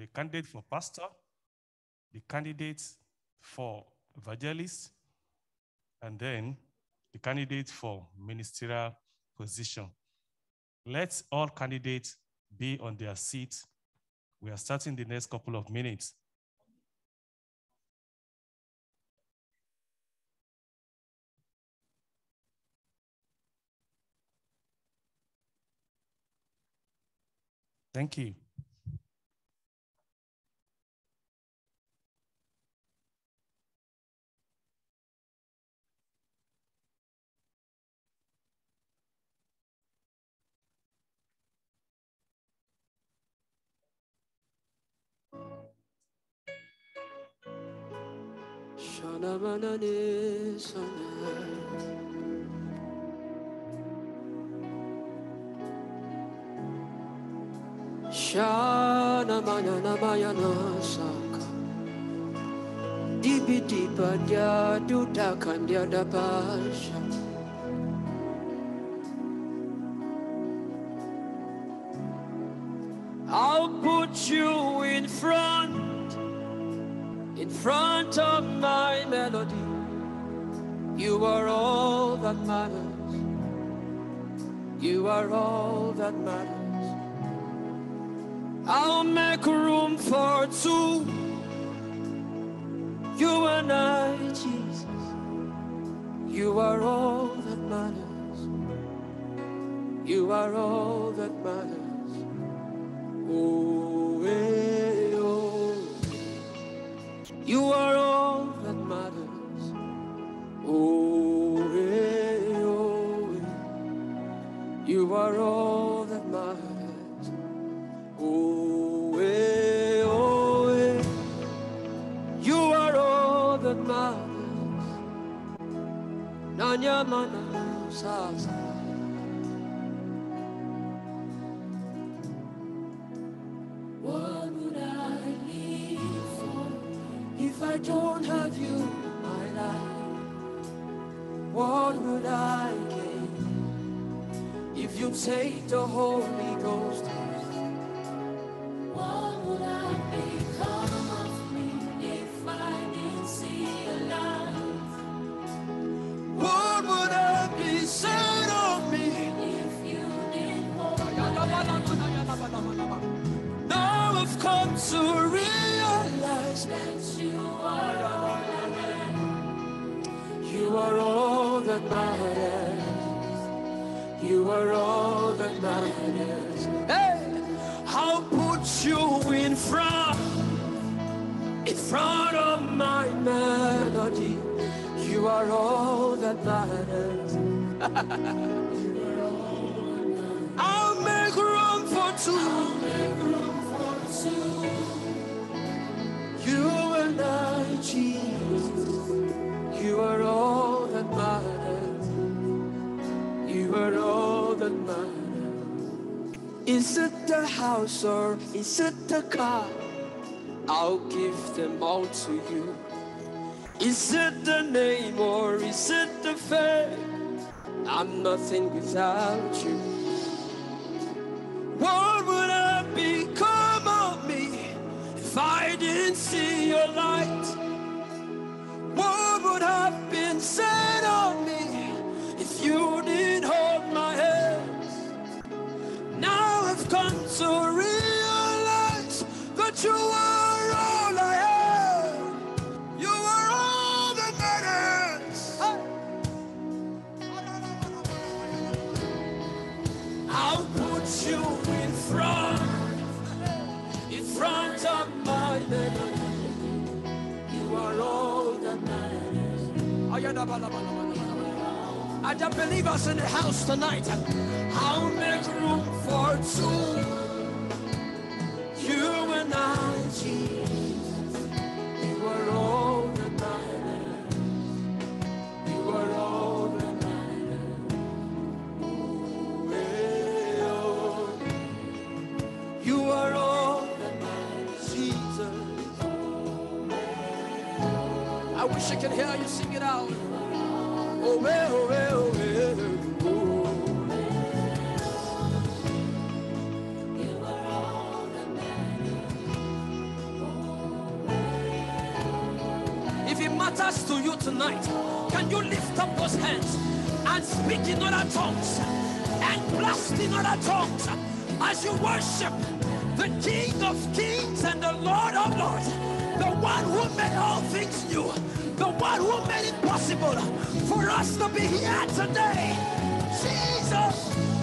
the candidate for pastor, the candidate for evangelist, and then the candidate for ministerial position. Let all candidates be on their seat. We are starting the next couple of minutes. Thank you. Shana mana na maya na saka Dibi dia kan dia I'll put you in front front of my melody. You are all that matters. You are all that matters. I'll make room for two. You and I, Jesus. You are all that matters. You are all that matters. Oh. You are all that matters. Oh, hey, oh, hey. you are all that matters. Oh, hey, oh, hey. you are all that matters. Nanya mana sasa. don't have you, my life, what would I gain if you take the Holy Ghost? You are all that matters. I'll make room for two. You and I, Jesus. You are all that matters. You are all that matters. Is it the house or is it the car? I'll give them all to you. Is it the name or is it the fact? I'm nothing without you. bunch of believers in the house tonight. I'll make room for two. You and I, Jesus. We were all the nighters. We were all the nighters. Ooh, oh. You are all the nighters, Jesus. I wish I could hear you sing it out. Oh, well. and speak in other tongues and blast in other tongues as you worship the King of Kings and the Lord of Lords, the one who made all things new, the one who made it possible for us to be here today. Jesus.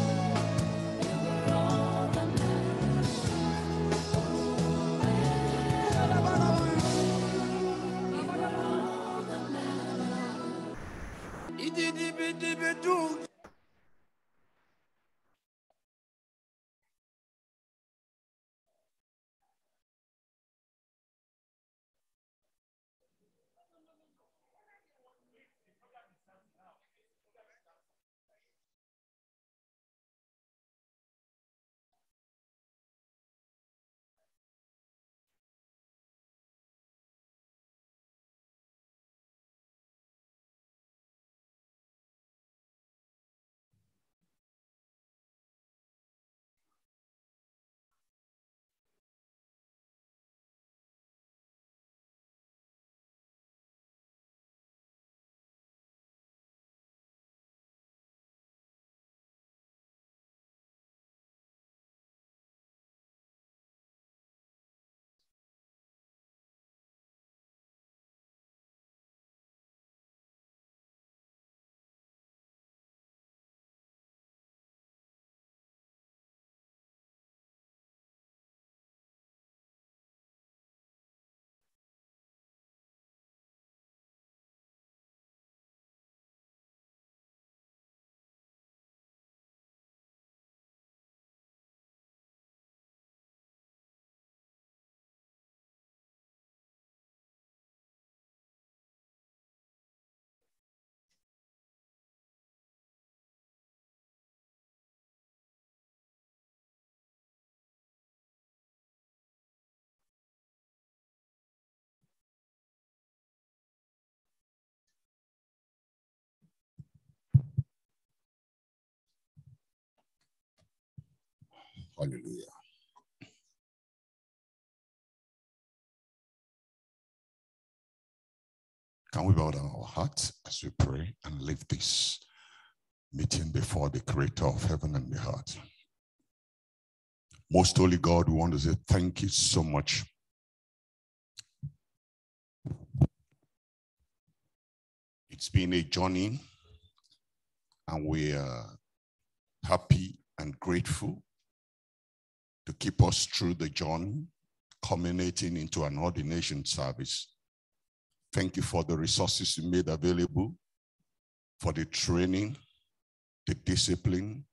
Hallelujah Can we bow down our hearts as we pray and leave this meeting before the Creator of heaven and the earth? Most Holy God, we want to say thank you so much. It's been a journey, and we are happy and grateful to keep us through the John, culminating into an ordination service. Thank you for the resources you made available, for the training, the discipline,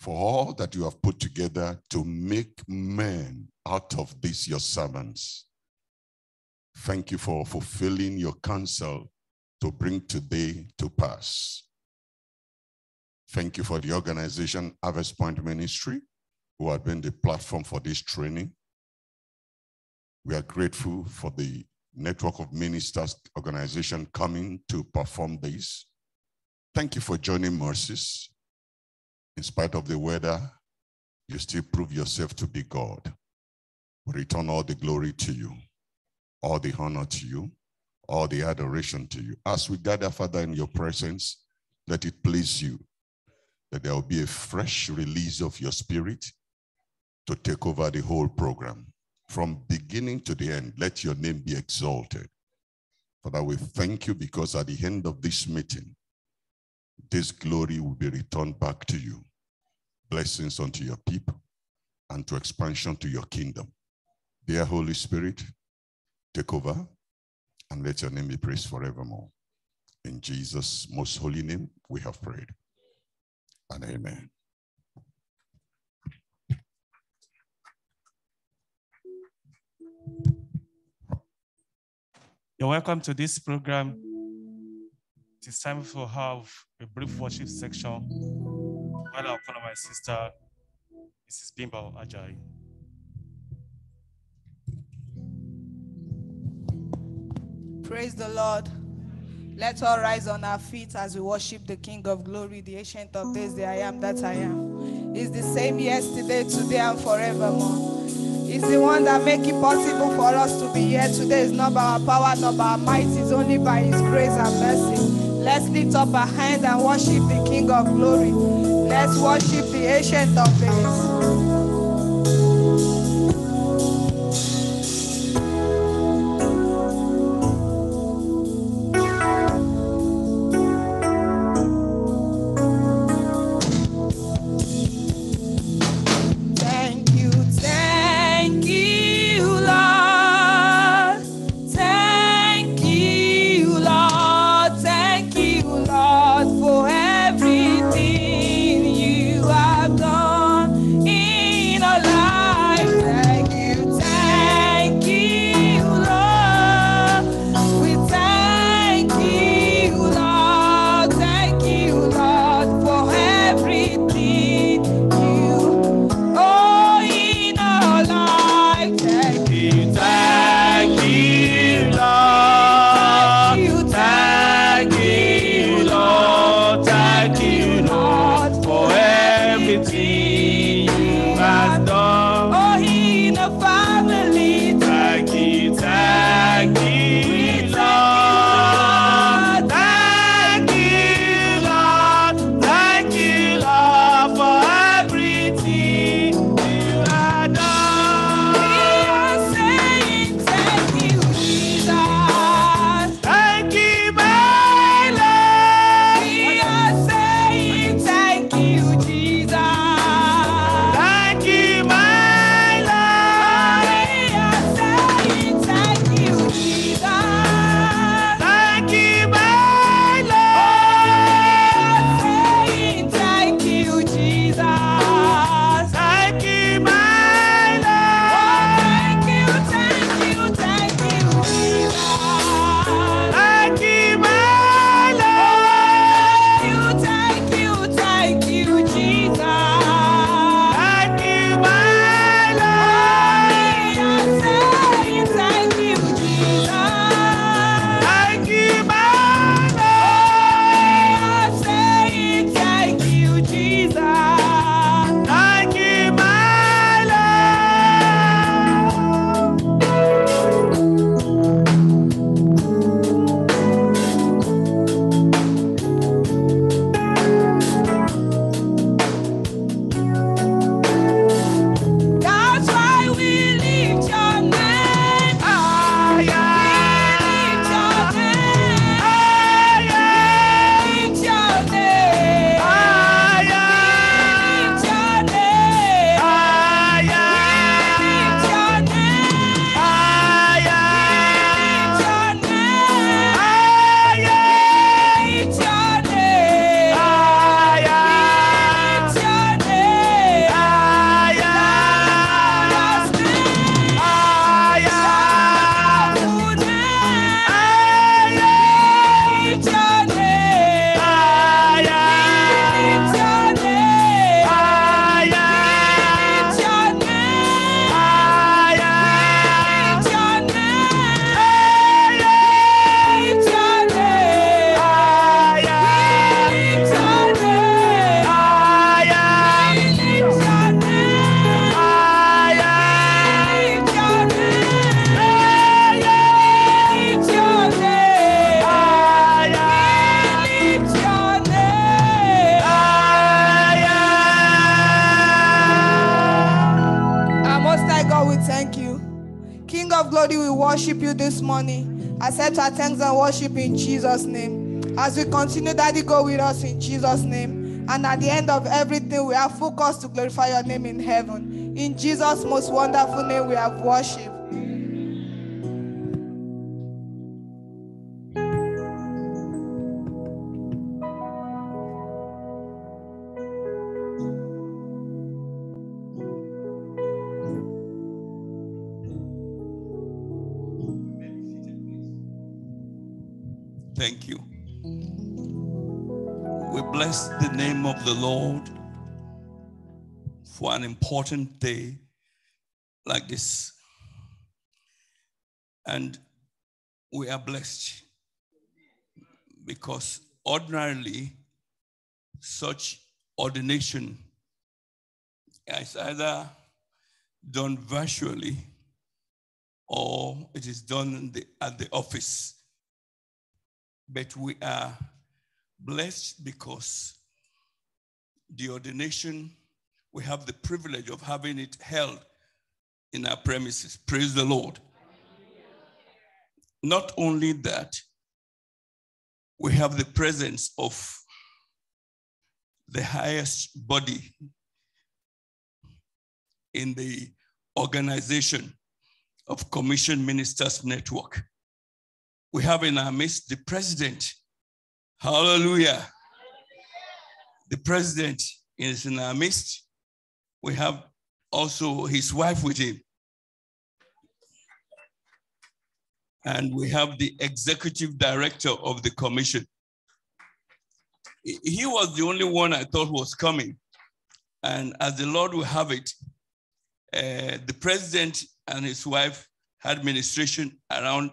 for all that you have put together to make men out of these your servants. Thank you for fulfilling your counsel to bring today to pass. Thank you for the organization Harvest Point Ministry who have been the platform for this training. We are grateful for the network of ministers organization coming to perform this. Thank you for joining Mercies. In spite of the weather, you still prove yourself to be God. We return all the glory to you, all the honor to you, all the adoration to you. As we gather, Father, in your presence, let it please you that there will be a fresh release of your spirit to take over the whole program. From beginning to the end, let your name be exalted. Father, we thank you because at the end of this meeting, this glory will be returned back to you. Blessings unto your people and to expansion to your kingdom. Dear Holy Spirit, take over and let your name be praised forevermore. In Jesus' most holy name, we have prayed. And amen. You're welcome to this program. It is time to have a brief worship section. While I'll call my sister, Mrs. Bimbo Ajay. Praise the Lord. Let's all rise on our feet as we worship the King of Glory, the Ancient of Days, the I Am that I Am. Is the same yesterday, today, and forevermore is the one that make it possible for us to be here today. It's not by our power, not by our might. It's only by His grace and mercy. Let's lift up our hands and worship the King of Glory. Let's worship the Ancient of Days. worship you this morning. Accept our thanks and worship in Jesus' name. As we continue, Daddy, go with us in Jesus' name. And at the end of everything, we are focused to glorify your name in heaven. In Jesus' most wonderful name, we have worship. the Lord for an important day like this. And we are blessed because ordinarily such ordination is either done virtually or it is done the, at the office. But we are blessed because the ordination, we have the privilege of having it held in our premises. Praise the Lord. Not only that, we have the presence of the highest body in the organization of Commission Ministers Network. We have in our midst the president. Hallelujah. The president is in our midst. We have also his wife with him. And we have the executive director of the commission. He was the only one I thought was coming. And as the Lord will have it, uh, the president and his wife had ministration around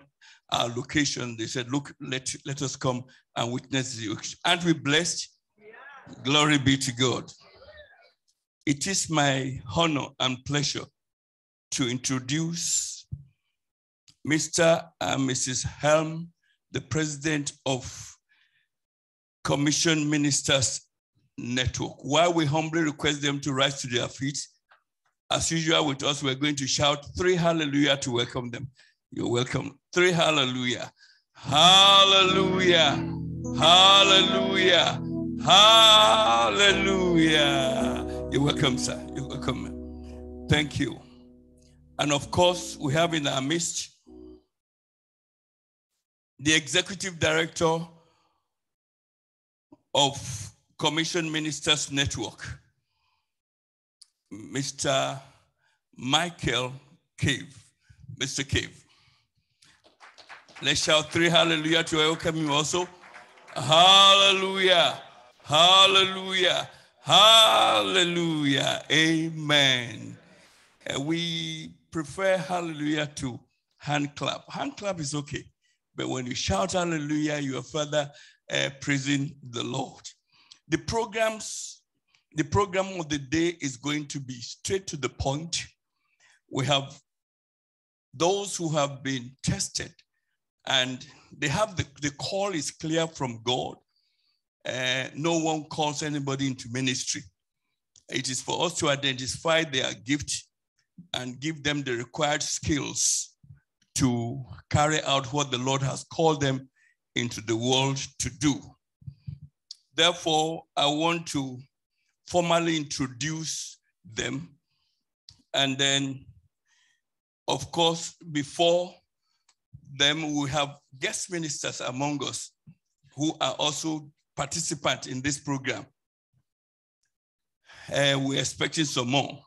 our location. They said, look, let, let us come and witness the And we blessed Glory be to God. It is my honor and pleasure to introduce Mr. and Mrs. Helm, the president of Commission Ministers Network. While we humbly request them to rise to their feet, as usual with us, we're going to shout three hallelujah to welcome them. You're welcome. Three hallelujah. Hallelujah. Hallelujah. Hallelujah. You're welcome, sir. You're welcome. Thank you. And of course, we have in our midst the executive director of Commission Ministers Network, Mr. Michael Cave. Mr. Cave. Let's shout three hallelujah to welcome you also. Hallelujah. Hallelujah. Hallelujah. Amen. Uh, we prefer hallelujah to hand clap. Hand clap is okay. But when you shout hallelujah, you are further uh, praising the Lord. The programs, the program of the day is going to be straight to the point. We have those who have been tested and they have the, the call is clear from God uh, no one calls anybody into ministry. It is for us to identify their gift and give them the required skills to carry out what the Lord has called them into the world to do. Therefore, I want to formally introduce them. And then, of course, before them, we have guest ministers among us who are also participant in this program. Uh, we're expecting some more.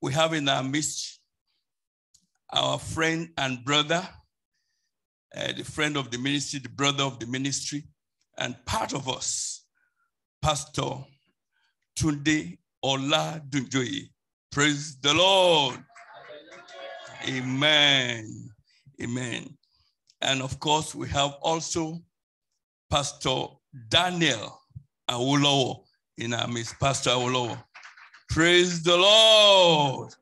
We have in our midst our friend and brother, uh, the friend of the ministry, the brother of the ministry, and part of us, Pastor Tunde Ola Dunjoyi. Praise the Lord. Amen. Amen. And of course, we have also Pastor Daniel Awolowo in our uh, midst, Pastor Awolowo. Praise the Lord.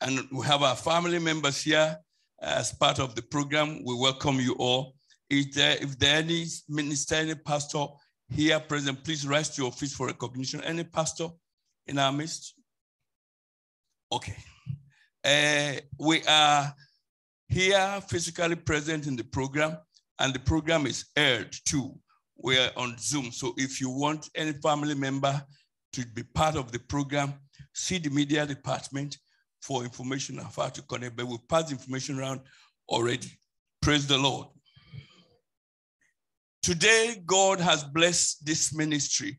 And we have our family members here uh, as part of the program. We welcome you all. If there, if there any minister, any pastor here present, please rise to your feet for recognition. Any pastor in our midst? Okay. Uh, we are here physically present in the program and the program is aired too. We are on Zoom. So if you want any family member to be part of the program, see the media department for information on how to connect, but we we passed information around already. Praise the Lord. Today, God has blessed this ministry,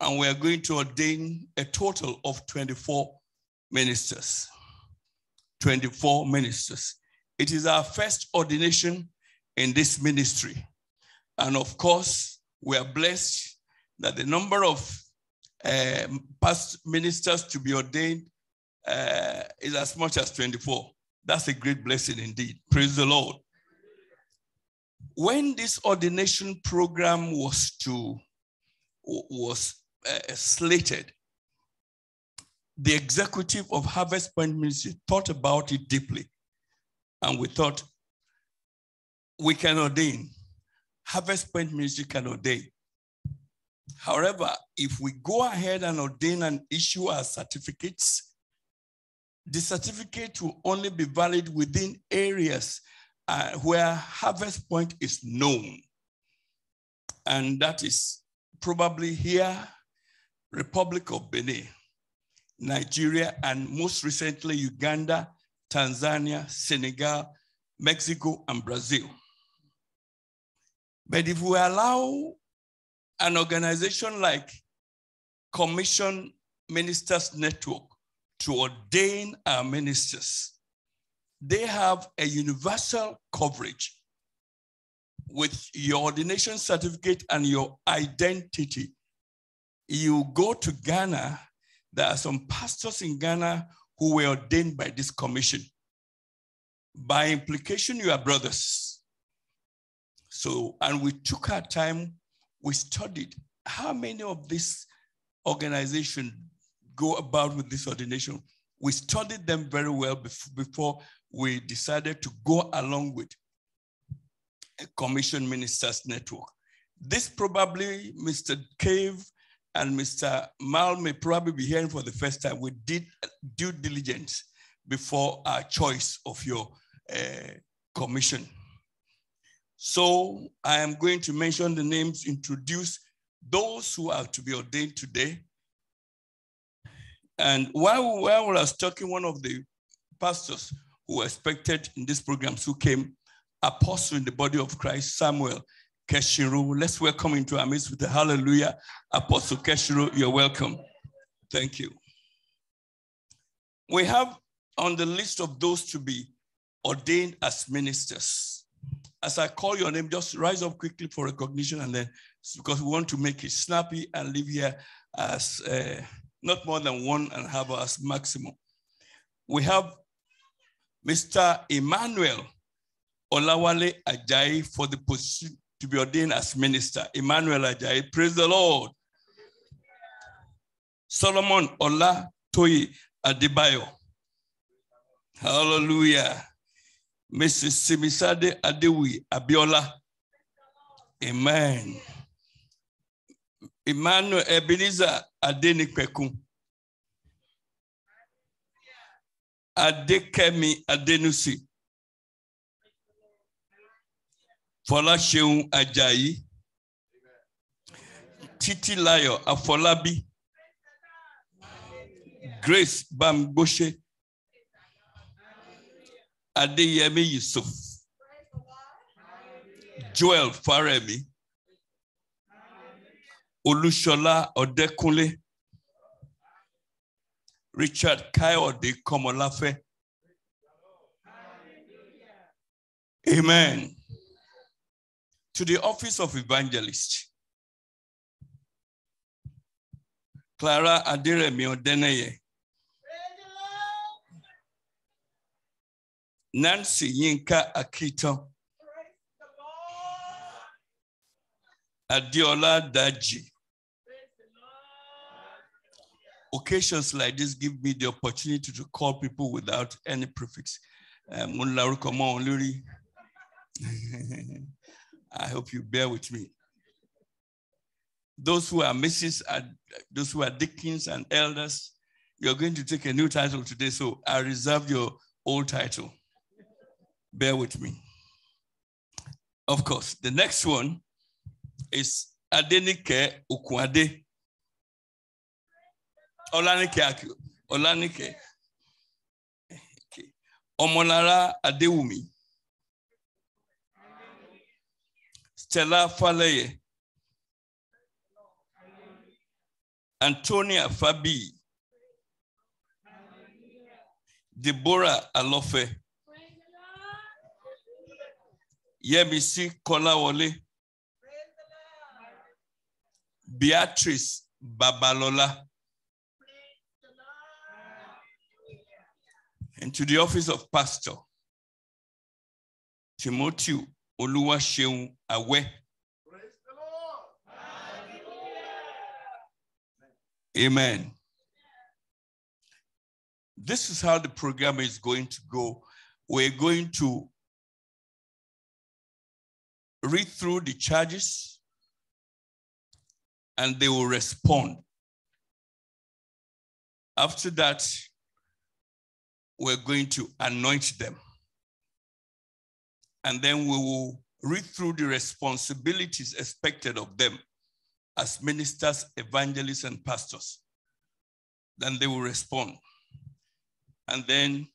and we are going to ordain a total of 24 ministers. 24 ministers. It is our first ordination in this ministry. And of course, we are blessed that the number of uh, past ministers to be ordained uh, is as much as 24. That's a great blessing indeed. Praise the Lord. When this ordination program was to was uh, slated, the executive of Harvest Point Ministry thought about it deeply, and we thought we can ordain. Harvest Point Ministry can ordain. However, if we go ahead and ordain and issue our certificates, the certificate will only be valid within areas uh, where Harvest Point is known. And that is probably here, Republic of Benin, Nigeria, and most recently, Uganda, Tanzania, Senegal, Mexico, and Brazil. But if we allow an organization like Commission Ministers Network to ordain our ministers, they have a universal coverage with your ordination certificate and your identity. You go to Ghana, there are some pastors in Ghana who were ordained by this commission. By implication, you are brothers so, and we took our time, we studied how many of this organization go about with this ordination. We studied them very well before we decided to go along with a commission ministers network. This probably Mr. Cave and Mr. Mal may probably be hearing for the first time. We did due diligence before our choice of your uh, commission. So I am going to mention the names, introduce those who are to be ordained today. And while, while I was talking, one of the pastors who expected in this program, who came, apostle in the body of Christ, Samuel Keshiru. Let's welcome into our midst with a hallelujah. Apostle Keshiru, you're welcome. Thank you. We have on the list of those to be ordained as ministers as I call your name, just rise up quickly for recognition and then, because we want to make it snappy and leave here as uh, not more than one and a half hours maximum. We have Mr. Emmanuel Olawale Ajayi for the position to be ordained as minister. Emmanuel Ajayi, praise the Lord. Solomon Ola Toyi Adibayo, Hallelujah. Mrs. Simisade Adewi Abiola. Amen. Emmanuel Ebenezer Adenikpekun. Adekemi Adenusi. Fọláṣeun Ajayi. Titilayo Afọlábí. Grace Bamgbose. Adeyemi Yusuf, Joel Faremi, Olushola Odekunle, Richard Kayode Komolafe. Amen. To the office of evangelist, Clara Adiremi Odeneye, Nancy Yinka Akito, Adiola Daji. Occasions like this give me the opportunity to call people without any prefix. Um, I hope you bear with me. Those who are Mrs. those who are Dickens and elders, you're going to take a new title today, so I reserve your old title. Bear with me. Of course, the next one is Adenike Ukwade. Olanike Olanike. Omolara Adewumi. Stella Faleye. Antonia Fabi. Deborah Alofe. Yemisi Kolawole, Beatrice Babalola. And to the office of pastor, Timothy Oluwaseun Awe. Amen. This is how the program is going to go. We're going to read through the charges and they will respond. After that, we're going to anoint them. And then we will read through the responsibilities expected of them as ministers, evangelists, and pastors. Then they will respond. And then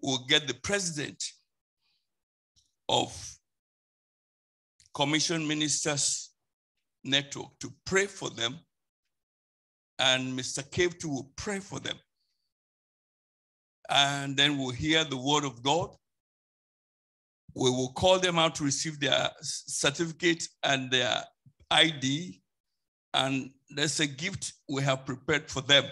we'll get the president of Commission Ministers Network to pray for them. And Mr. Kevtu will pray for them. And then we'll hear the word of God. We will call them out to receive their certificate and their ID. And there's a gift we have prepared for them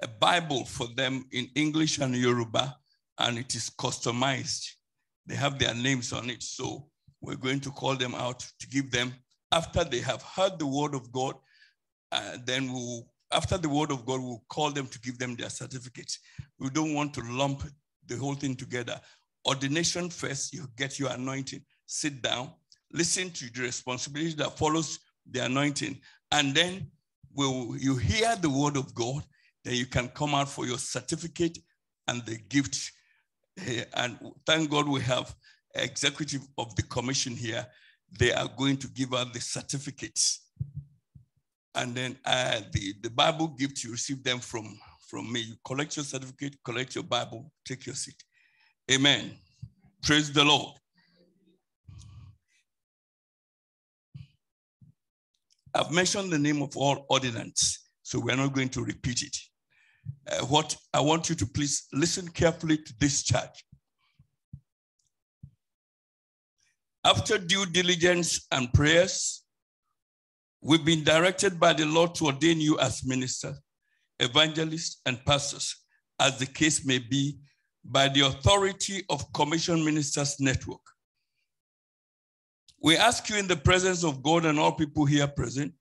a Bible for them in English and Yoruba, and it is customized. They have their names on it. So we're going to call them out to give them, after they have heard the word of God, uh, then we'll, after the word of God, we'll call them to give them their certificates. We don't want to lump the whole thing together. Ordination first, you get your anointing, sit down, listen to the responsibility that follows the anointing, and then will you hear the word of God, then you can come out for your certificate and the gift. And thank God we have executive of the commission here, they are going to give out the certificates. And then uh, the, the Bible gift, you receive them from, from me. You collect your certificate, collect your Bible, take your seat. Amen. Praise the Lord. I've mentioned the name of all ordinance, so we're not going to repeat it. Uh, what I want you to please listen carefully to this church. After due diligence and prayers, we've been directed by the Lord to ordain you as ministers, evangelists, and pastors, as the case may be, by the authority of Commission Ministers Network. We ask you in the presence of God and all people here present,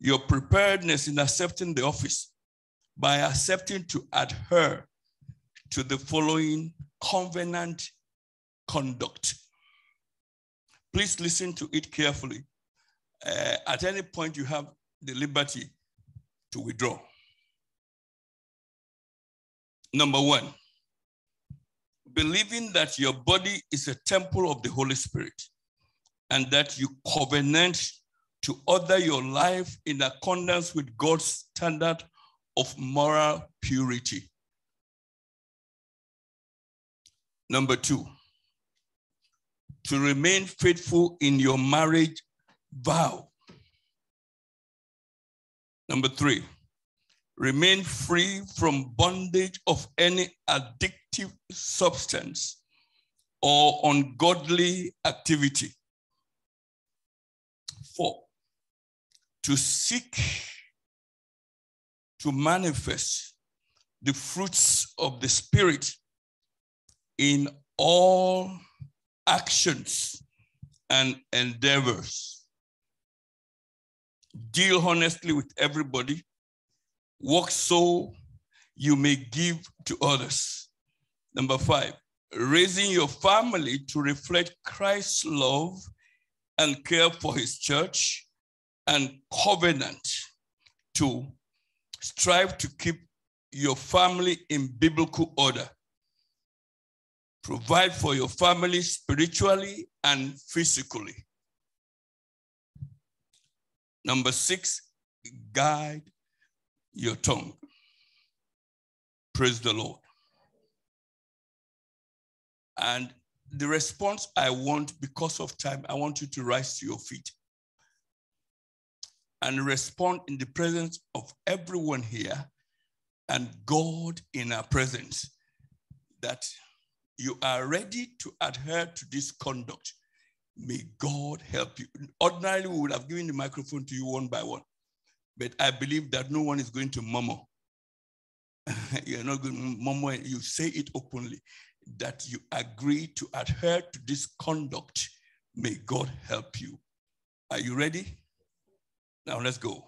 your preparedness in accepting the office by accepting to adhere to the following covenant conduct Please listen to it carefully. Uh, at any point, you have the liberty to withdraw. Number one, believing that your body is a temple of the Holy Spirit and that you covenant to order your life in accordance with God's standard of moral purity. Number two, to remain faithful in your marriage vow. Number three, remain free from bondage of any addictive substance or ungodly activity. Four, to seek to manifest the fruits of the Spirit in all actions and endeavors. Deal honestly with everybody. Work so you may give to others. Number five, raising your family to reflect Christ's love and care for his church and covenant. Two, strive to keep your family in biblical order. Provide for your family spiritually and physically. Number six, guide your tongue. Praise the Lord. And the response I want, because of time, I want you to rise to your feet and respond in the presence of everyone here and God in our presence that you are ready to adhere to this conduct, may God help you. Ordinarily, we would have given the microphone to you one by one, but I believe that no one is going to murmur. You're not going to murmur, you say it openly that you agree to adhere to this conduct. May God help you. Are you ready? Now let's go.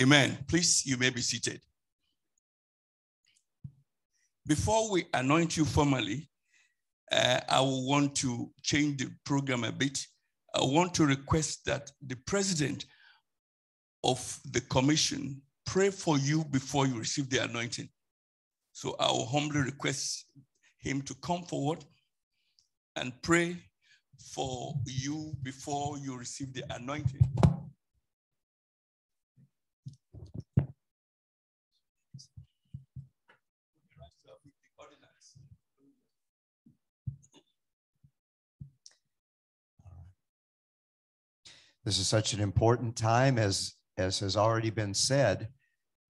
Amen. Please, you may be seated. Before we anoint you formally, uh, I will want to change the program a bit. I want to request that the president of the commission pray for you before you receive the anointing. So I will humbly request him to come forward and pray for you before you receive the anointing. This is such an important time, as, as has already been said.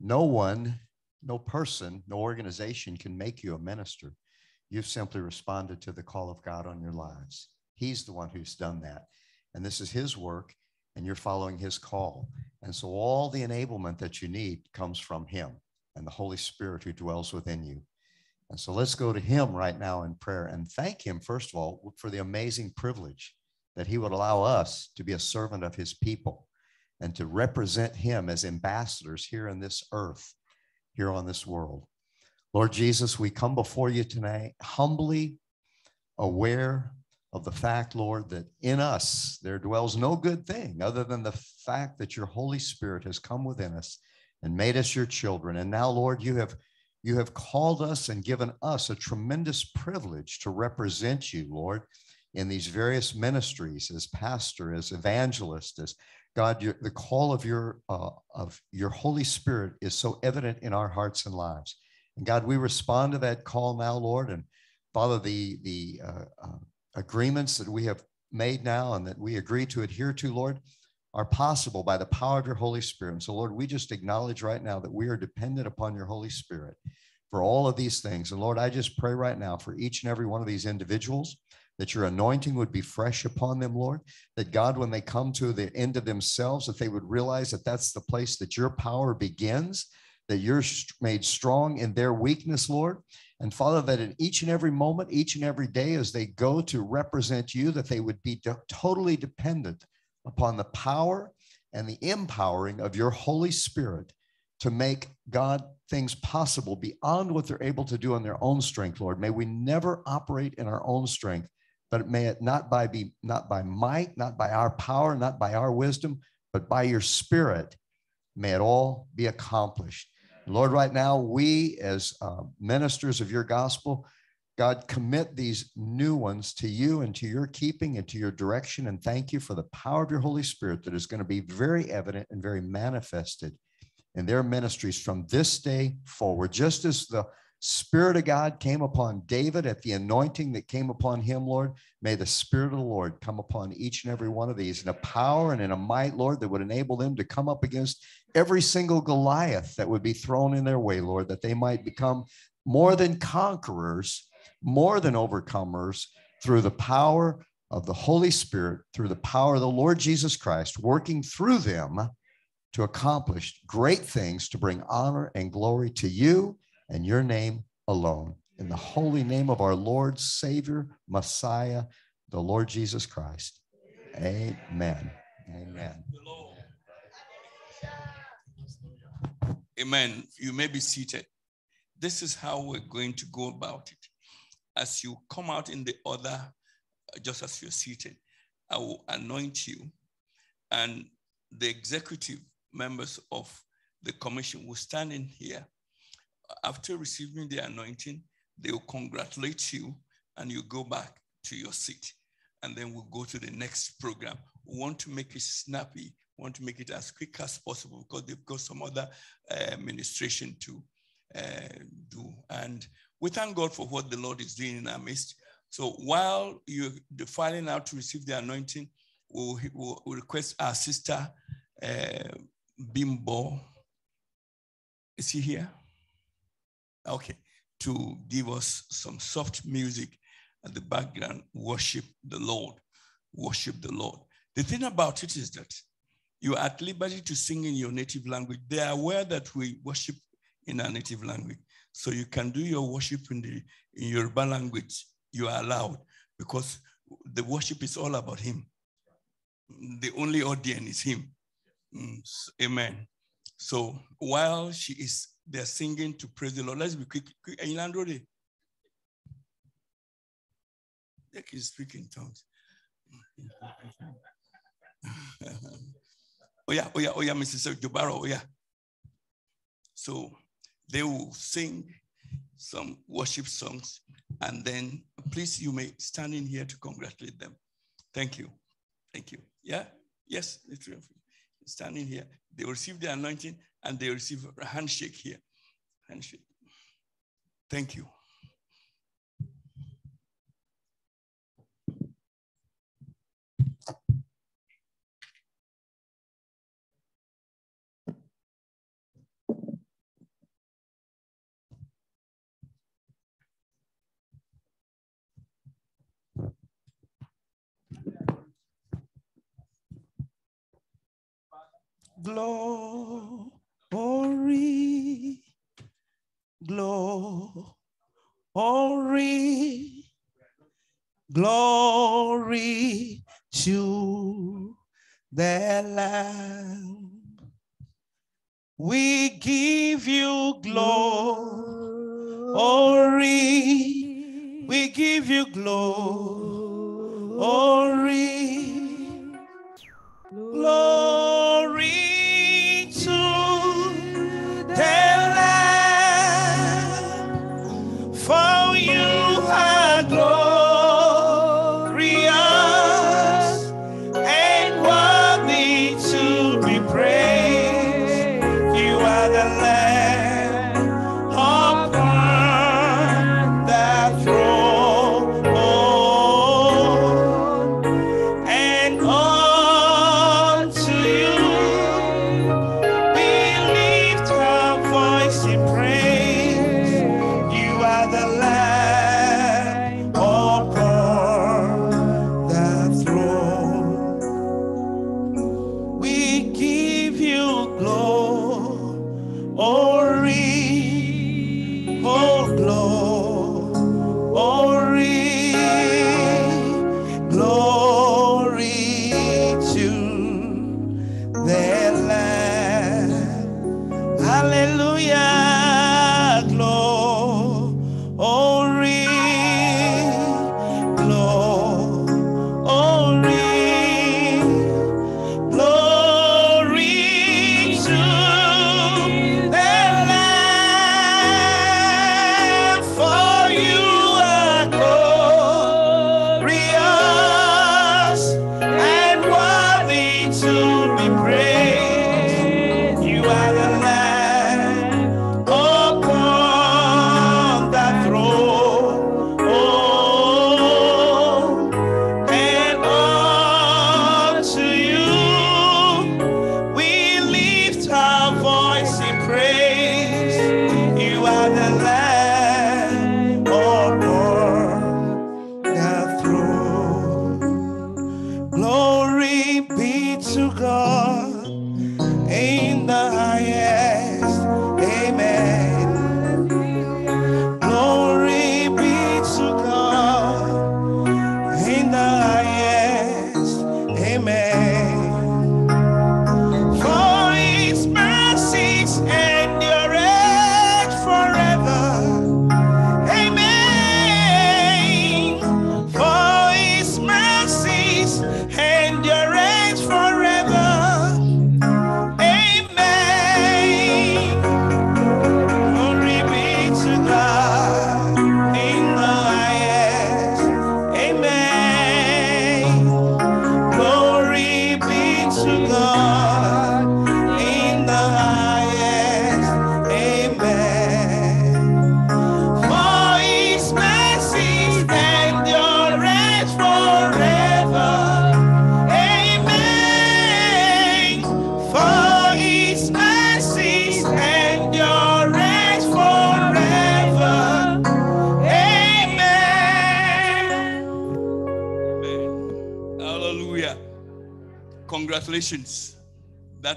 No one, no person, no organization can make you a minister. You've simply responded to the call of God on your lives. He's the one who's done that. And this is His work, and you're following His call. And so all the enablement that you need comes from Him and the Holy Spirit who dwells within you. And so let's go to Him right now in prayer and thank Him, first of all, for the amazing privilege that he would allow us to be a servant of his people and to represent him as ambassadors here in this earth, here on this world. Lord Jesus, we come before you tonight humbly aware of the fact, Lord, that in us there dwells no good thing other than the fact that your Holy Spirit has come within us and made us your children. And now, Lord, you have you have called us and given us a tremendous privilege to represent you, Lord, in these various ministries as pastor, as evangelist, as God, your, the call of your uh, of your Holy Spirit is so evident in our hearts and lives. And God, we respond to that call now, Lord. And Father, the the uh, uh, agreements that we have made now and that we agree to adhere to, Lord, are possible by the power of your Holy Spirit. And so, Lord, we just acknowledge right now that we are dependent upon your Holy Spirit for all of these things. And Lord, I just pray right now for each and every one of these individuals that your anointing would be fresh upon them, Lord. That God, when they come to the end of themselves, that they would realize that that's the place that your power begins, that you're made strong in their weakness, Lord. And Father, that in each and every moment, each and every day, as they go to represent you, that they would be de- totally dependent upon the power and the empowering of your Holy Spirit to make God things possible beyond what they're able to do on their own strength, Lord. May we never operate in our own strength, but may it not by be not by might, not by our power, not by our wisdom, but by your spirit, may it all be accomplished. Lord, right now, we as uh, ministers of your gospel, God, commit these new ones to you and to your keeping and to your direction. And thank you for the power of your Holy Spirit that is going to be very evident and very manifested in their ministries from this day forward, just as the Spirit of God came upon David at the anointing that came upon him, Lord. May the Spirit of the Lord come upon each and every one of these in a power and in a might, Lord, that would enable them to come up against every single Goliath that would be thrown in their way, Lord, that they might become more than conquerors, more than overcomers through the power of the Holy Spirit, through the power of the Lord Jesus Christ, working through them to accomplish great things to bring honor and glory to you and your name alone. In the holy name of our Lord, Savior, Messiah, the Lord Jesus Christ. Amen. Amen. Amen. You may be seated. This is how we're going to go about it. As you come out in the other, uh, just as you're seated, I will anoint you, and the executive members of the commission will stand in here after receiving the anointing, they will congratulate you and you go back to your seat. And then we'll go to the next program. We want to make it snappy, we want to make it as quick as possible because they've got some other uh, administration to uh, do. And we thank God for what the Lord is doing in our midst. So while you're filing out to receive the anointing, we'll, we'll, we'll request our sister, uh, Bimbo. Is he here? okay, to give us some soft music at the background, worship the Lord, worship the Lord. The thing about it is that you are at liberty to sing in your native language. They are aware that we worship in our native language. So you can do your worship in the in your language. You are allowed because the worship is all about him. The only audience is him. Mm, amen. So while she is they're singing to praise the Lord. Let's be quick. quick. ready. They can speak in tongues. oh yeah, oh yeah, oh yeah, Mrs. Jobaro, oh yeah. So they will sing some worship songs, and then please you may stand in here to congratulate them. Thank you. Thank you. Yeah? Yes, the three of you. standing here. They will receive the anointing and they receive a handshake here. Handshake. Thank you. Glory glory, glory, glory to the Lamb. We give you glory. We give you glory. Glory.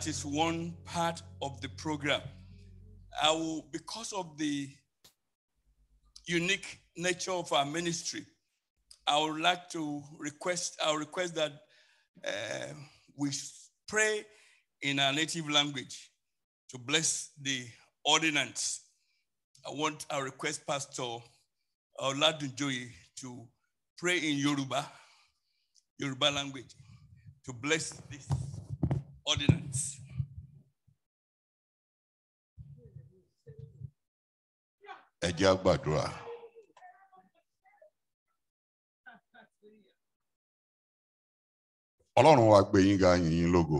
Is one part of the program. I will, because of the unique nature of our ministry, I would like to request, I request that uh, we pray in our native language to bless the ordinance. I want, I request Pastor Oladunjoye to pray in Yoruba, Yoruba language, to bless this. ordinance. Ẹ jẹ́ á gbàdúrà. Ọlọ́run wa gbé yín ga yìnyín lógo.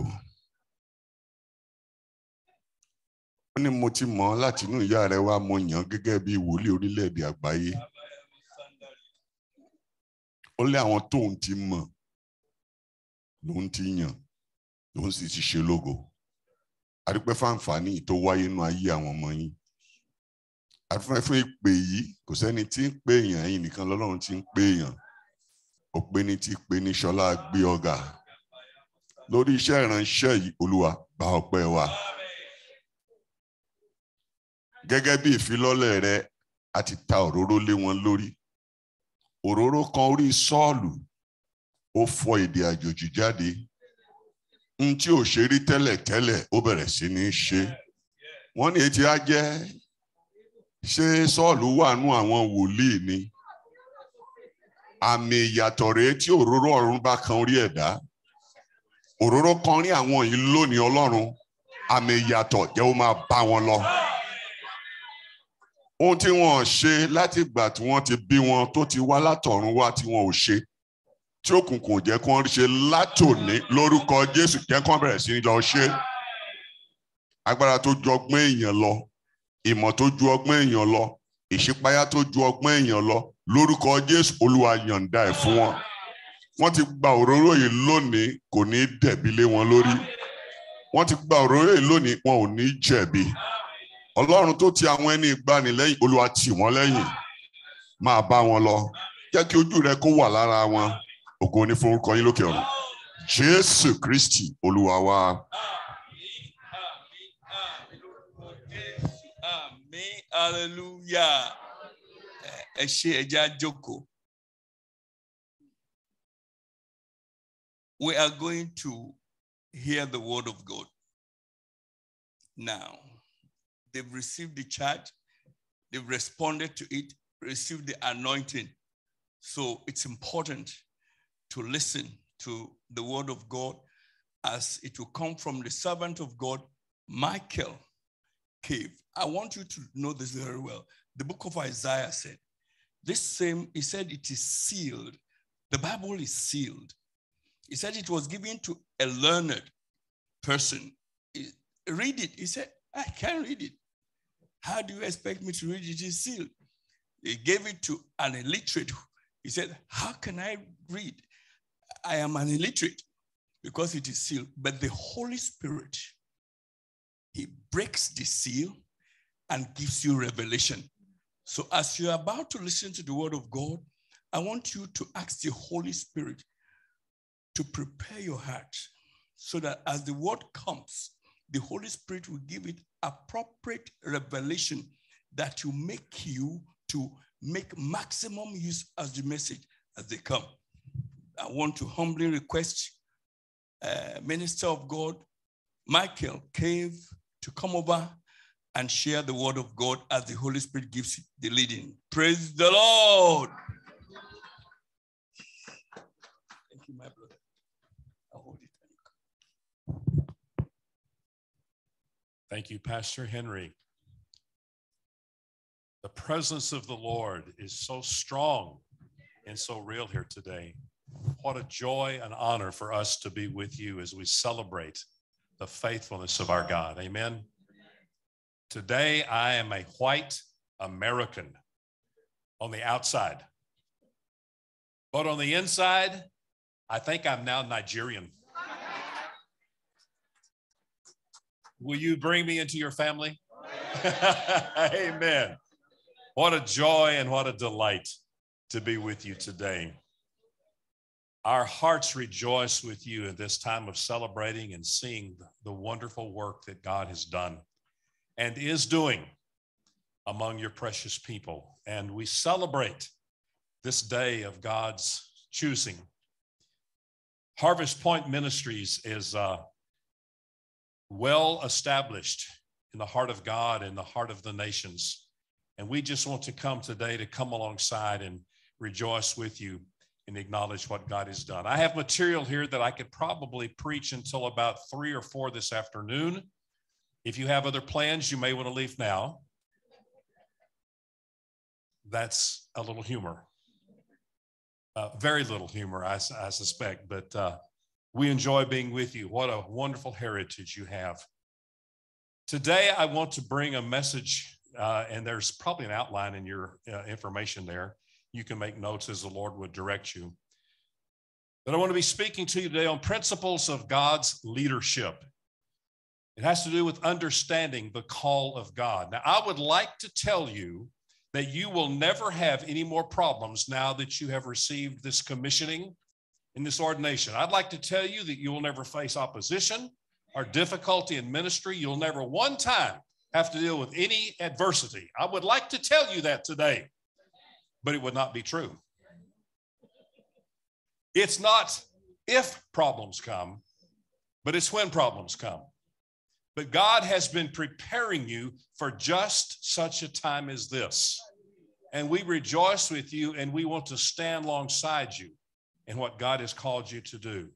Ó ní mo ti mọ̀ ọ́ láti inú ìyá rẹ wá mo yàn gẹ́gẹ́ bí wòlíì orílẹ̀-èdè àgbáyé. Ó lé àwọn tóun ti mọ̀ lòun ti yàn òun sì ti ṣe lógo àdúpẹ́ fáǹfààní tó wáyé nínú ayé àwọn ọmọ yín àdúpẹ́ fún ìpè yìí kò sẹ́ni tí ń pè èèyàn ẹ̀yin nìkan lọ́lọ́run tí ń pè èèyàn òpeni tí pè ní ṣọlá gbé ọ̀gá lórí iṣẹ́ ìránṣẹ́ yìí olúwa gba ọpẹ́ wa gẹ́gẹ́ bí ìfilọ́lẹ̀ rẹ a ti ta òróró lé wọn lórí òróró kan orí sọ́ọ̀lù ó fọ èdè àjòjì jáde n tí ò ṣe rí tẹ́lẹ̀tẹ́lẹ̀ ó bẹ̀rẹ̀ sí ní ṣe wọ́n ní etí á ṣé sọ́ọ̀lù wà nú àwọn wòlíì ni àmì ìyàtọ̀ rèé tí òróró ọ̀run bá kan orí ẹ̀dá òróró kan rí àwọn yìí lónìí ọlọ́run àmì ìyàtọ̀ jẹ́ ó máa bá wọn lọ ohun tí wọ́n ṣe láti ìgbà tí wọ́n ti bí wọn tó ti wá látọ̀run wá tí wọn ò ṣe tí òkùnkùn ò jẹ́ kí wọ́n ṣe látòní lórúkọ Jésù jẹ́ kí wọ́n bẹ̀rẹ̀ sí lọ ṣe agbára tó ju ọgbọ́n èèyàn lọ ìmọ̀ tó ju ọgbọ́n èèyàn lọ ìṣípayá tó ju ọgbọ́n èèyàn lọ lórúkọ Jésù Olúwa yọ̀ǹda ẹ̀ fún wọn wọ́n ti gba òróró yìí lónìí kò ní dẹ̀bi lé wọn lórí wọ́n ti gba òróró yìí lónìí wọn ò ní jẹ̀bi Ọlọ́run tó ti àwọn ẹni ìgbani lẹ́yìn Olúwa tì wọ́n lẹ́yìn máa bá wọn lọ jẹ́ kí ojú rẹ kó wà lára wọn. ògo ní forúkọ yín lókè ọ̀run jésù kristi olúwa wa. hallelujah ẹ ṣe ẹja jókòó. We are going to hear the word of God. Now, they've received the charge, they've responded to it, received the anointing. So it's important to listen to the word of God as it will come from the servant of God, Michael Cave. I want you to know this very well. The book of Isaiah said, this same, he said it is sealed. The Bible is sealed. He said it was given to a learned person. read it. He said, I can't read it. How do you expect me to read it? It is sealed. He gave it to an illiterate. He said, How can I read? I am an illiterate because it is sealed, but the Holy Spirit, He breaks the seal and gives you revelation. So as you're about to listen to the word of God, I want you to ask the Holy Spirit to prepare your heart so that as the word comes, the Holy Spirit will give it appropriate revelation that will make you to make maximum use of the message as they come. I want to humbly request uh, Minister of God, Michael Cave, to come over and share the word of God as the Holy Spirit gives the leading. Praise the Lord. Thank you, my brother. i hold it. Thank you, Pastor Henry. The presence of the Lord is so strong and so real here today what a joy and honor for us to be with you as we celebrate the faithfulness of our God. Amen. Today, I am a white American on the outside, but on the inside, I think I'm now Nigerian. Will you bring me into your family? Amen. What a joy and what a delight to be with you today. Our hearts rejoice with you at this time of celebrating and seeing the wonderful work that God has done and is doing among your precious people. And we celebrate this day of God's choosing. Harvest Point Ministries is uh, well established in the heart of God and the heart of the nations. And we just want to come today to come alongside and rejoice with you and acknowledge what God has done. I have material here that I could probably preach until about three or four this afternoon. If you have other plans, you may want to leave now. That's a little humor. Uh, very little humor, I, I suspect, but uh, we enjoy being with you. What a wonderful heritage you have. Today, I want to bring a message, uh, and there's probably an outline in your uh, information there you can make notes as the Lord would direct you. But I want to be speaking to you today on principles of God's leadership. It has to do with understanding the call of God. Now, I would like to tell you that you will never have any more problems now that you have received this commissioning in this ordination. I'd like to tell you that you will never face opposition or difficulty in ministry. You'll never one time have to deal with any adversity. I would like to tell you that today but it would not be true. It's not if problems come, but it's when problems come. But God has been preparing you for just such a time as this. And we rejoice with you and we want to stand alongside you in what God has called you to do.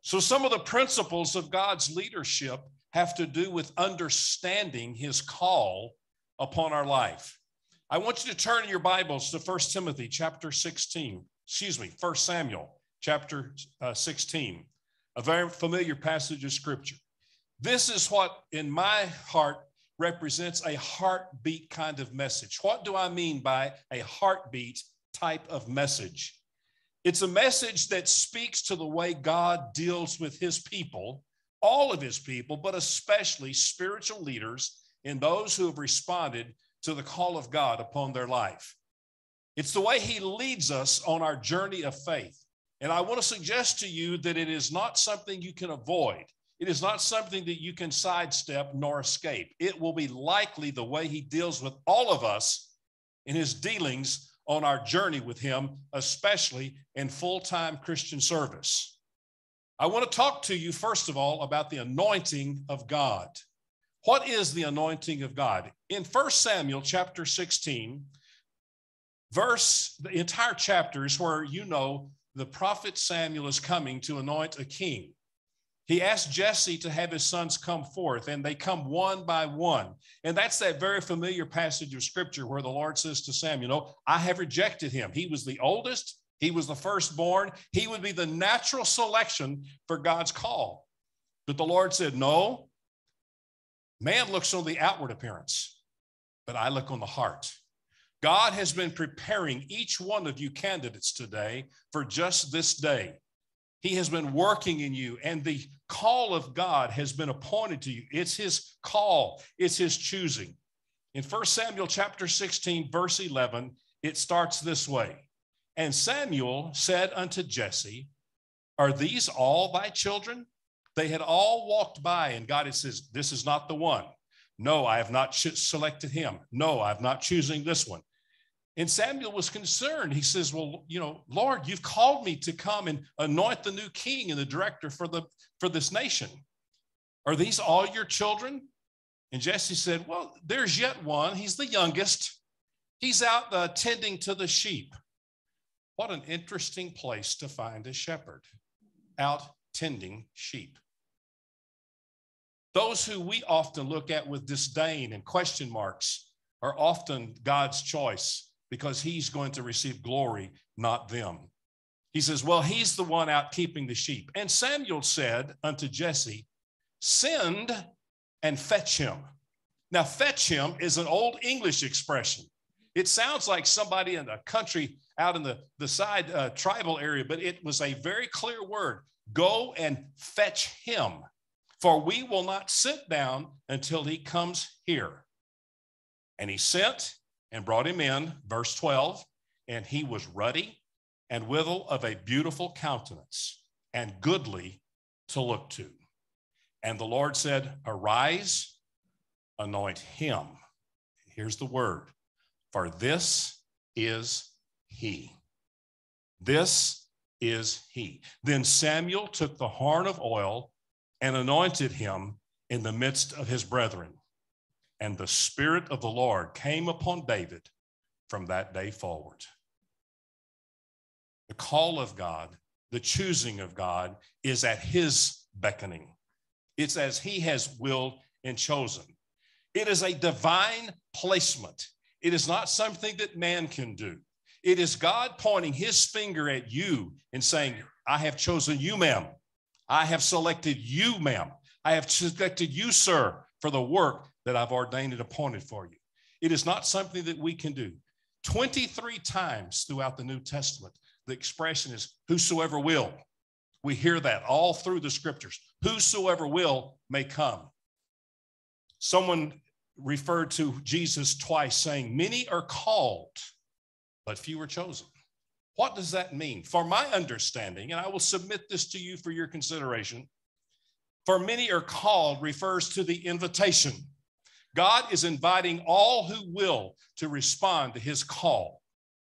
So, some of the principles of God's leadership have to do with understanding his call upon our life. I want you to turn in your Bibles to 1 Timothy chapter 16, excuse me, 1 Samuel chapter uh, 16, a very familiar passage of scripture. This is what, in my heart, represents a heartbeat kind of message. What do I mean by a heartbeat type of message? It's a message that speaks to the way God deals with his people, all of his people, but especially spiritual leaders and those who have responded to the call of God upon their life. It's the way He leads us on our journey of faith. And I want to suggest to you that it is not something you can avoid. It is not something that you can sidestep nor escape. It will be likely the way he deals with all of us in his dealings on our journey with him, especially in full time Christian service. I want to talk to you, first of all, about the anointing of God. What is the anointing of God? in 1 Samuel chapter 16, verse, the entire chapter is where you know the prophet Samuel is coming to anoint a king. He asked Jesse to have his sons come forth, and they come one by one. And that's that very familiar passage of scripture where the Lord says to Samuel, I have rejected him. He was the oldest, he was the firstborn, he would be the natural selection for God's call. But the Lord said, No, man looks on the outward appearance, but I look on the heart. God has been preparing each one of you candidates today for just this day. He has been working in you, and the call of God has been appointed to you. It's His call, it's His choosing. In 1 Samuel chapter 16, verse 11, it starts this way And Samuel said unto Jesse, Are these all thy children? They had all walked by, and God says, This is not the one. No, I have not selected him. No, I'm not choosing this one. And Samuel was concerned. He says, Well, you know, Lord, you've called me to come and anoint the new king and the director for, the, for this nation. Are these all your children? And Jesse said, Well, there's yet one. He's the youngest. He's out uh, tending to the sheep. What an interesting place to find a shepherd out tending sheep. Those who we often look at with disdain and question marks are often God's choice because he's going to receive glory, not them. He says, Well, he's the one out keeping the sheep. And Samuel said unto Jesse, Send and fetch him. Now, fetch him is an old English expression. It sounds like somebody in a country out in the, the side uh, tribal area, but it was a very clear word go and fetch him for we will not sit down until he comes here. And he sent and brought him in, verse 12, and he was ruddy and withal of a beautiful countenance and goodly to look to. And the Lord said, Arise, anoint him. Here's the word for this is he. This is he. Then Samuel took the horn of oil and anointed him in the midst of his brethren. And the Spirit of the Lord came upon David from that day forward. The call of God, the choosing of God, is at his beckoning. It's as he has willed and chosen. It is a divine placement. It is not something that man can do. It is God pointing his finger at you and saying, I have chosen you, ma'am. I have selected you, ma'am. I have selected you, sir, for the work that I've ordained and appointed for you. It is not something that we can do. 23 times throughout the New Testament, the expression is whosoever will. We hear that all through the scriptures. Whosoever will may come. Someone referred to Jesus twice saying, Many are called, but few are chosen. What does that mean? For my understanding, and I will submit this to you for your consideration, for many are called refers to the invitation. God is inviting all who will to respond to his call.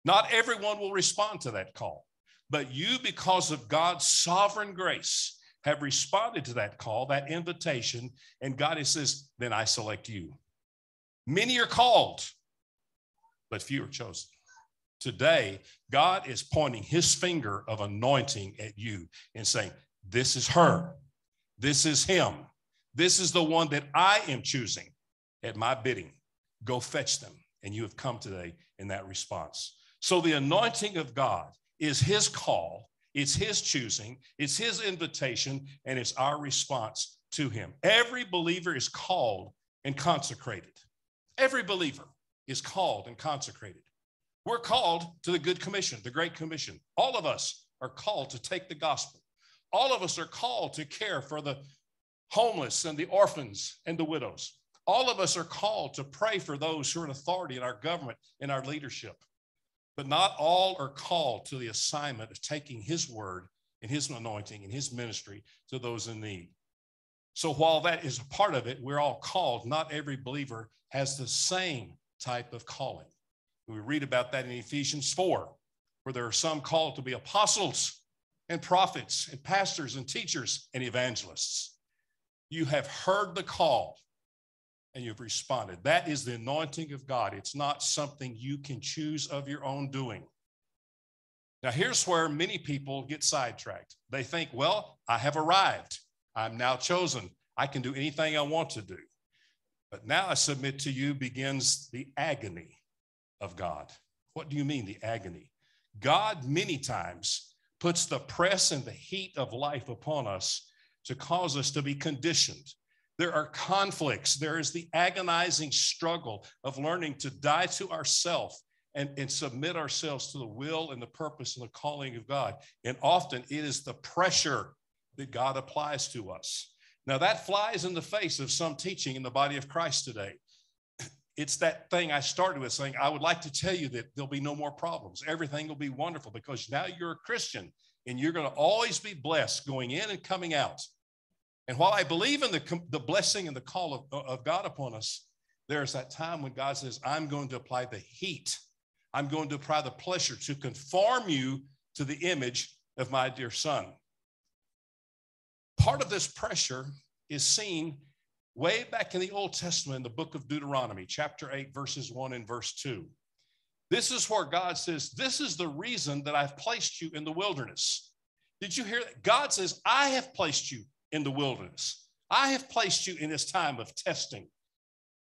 Not everyone will respond to that call, but you, because of God's sovereign grace, have responded to that call, that invitation, and God says, Then I select you. Many are called, but few are chosen. Today, God is pointing his finger of anointing at you and saying, This is her. This is him. This is the one that I am choosing at my bidding. Go fetch them. And you have come today in that response. So the anointing of God is his call, it's his choosing, it's his invitation, and it's our response to him. Every believer is called and consecrated. Every believer is called and consecrated. We're called to the Good Commission, the Great Commission. All of us are called to take the gospel. All of us are called to care for the homeless and the orphans and the widows. All of us are called to pray for those who are in authority in our government, in our leadership. But not all are called to the assignment of taking his word and his anointing and his ministry to those in need. So while that is a part of it, we're all called. Not every believer has the same type of calling. We read about that in Ephesians 4, where there are some called to be apostles and prophets and pastors and teachers and evangelists. You have heard the call and you've responded. That is the anointing of God. It's not something you can choose of your own doing. Now, here's where many people get sidetracked. They think, well, I have arrived. I'm now chosen. I can do anything I want to do. But now I submit to you begins the agony of God. What do you mean, the agony? God many times puts the press and the heat of life upon us to cause us to be conditioned. There are conflicts. There is the agonizing struggle of learning to die to ourself and, and submit ourselves to the will and the purpose and the calling of God. And often it is the pressure that God applies to us. Now, that flies in the face of some teaching in the body of Christ today it's that thing I started with saying, I would like to tell you that there'll be no more problems. Everything will be wonderful because now you're a Christian and you're going to always be blessed going in and coming out. And while I believe in the, the blessing and the call of, of God upon us, there's that time when God says, I'm going to apply the heat. I'm going to apply the pleasure to conform you to the image of my dear son. Part of this pressure is seen Way back in the Old Testament, in the book of Deuteronomy, chapter 8, verses 1 and verse 2. This is where God says, This is the reason that I've placed you in the wilderness. Did you hear that? God says, I have placed you in the wilderness. I have placed you in this time of testing.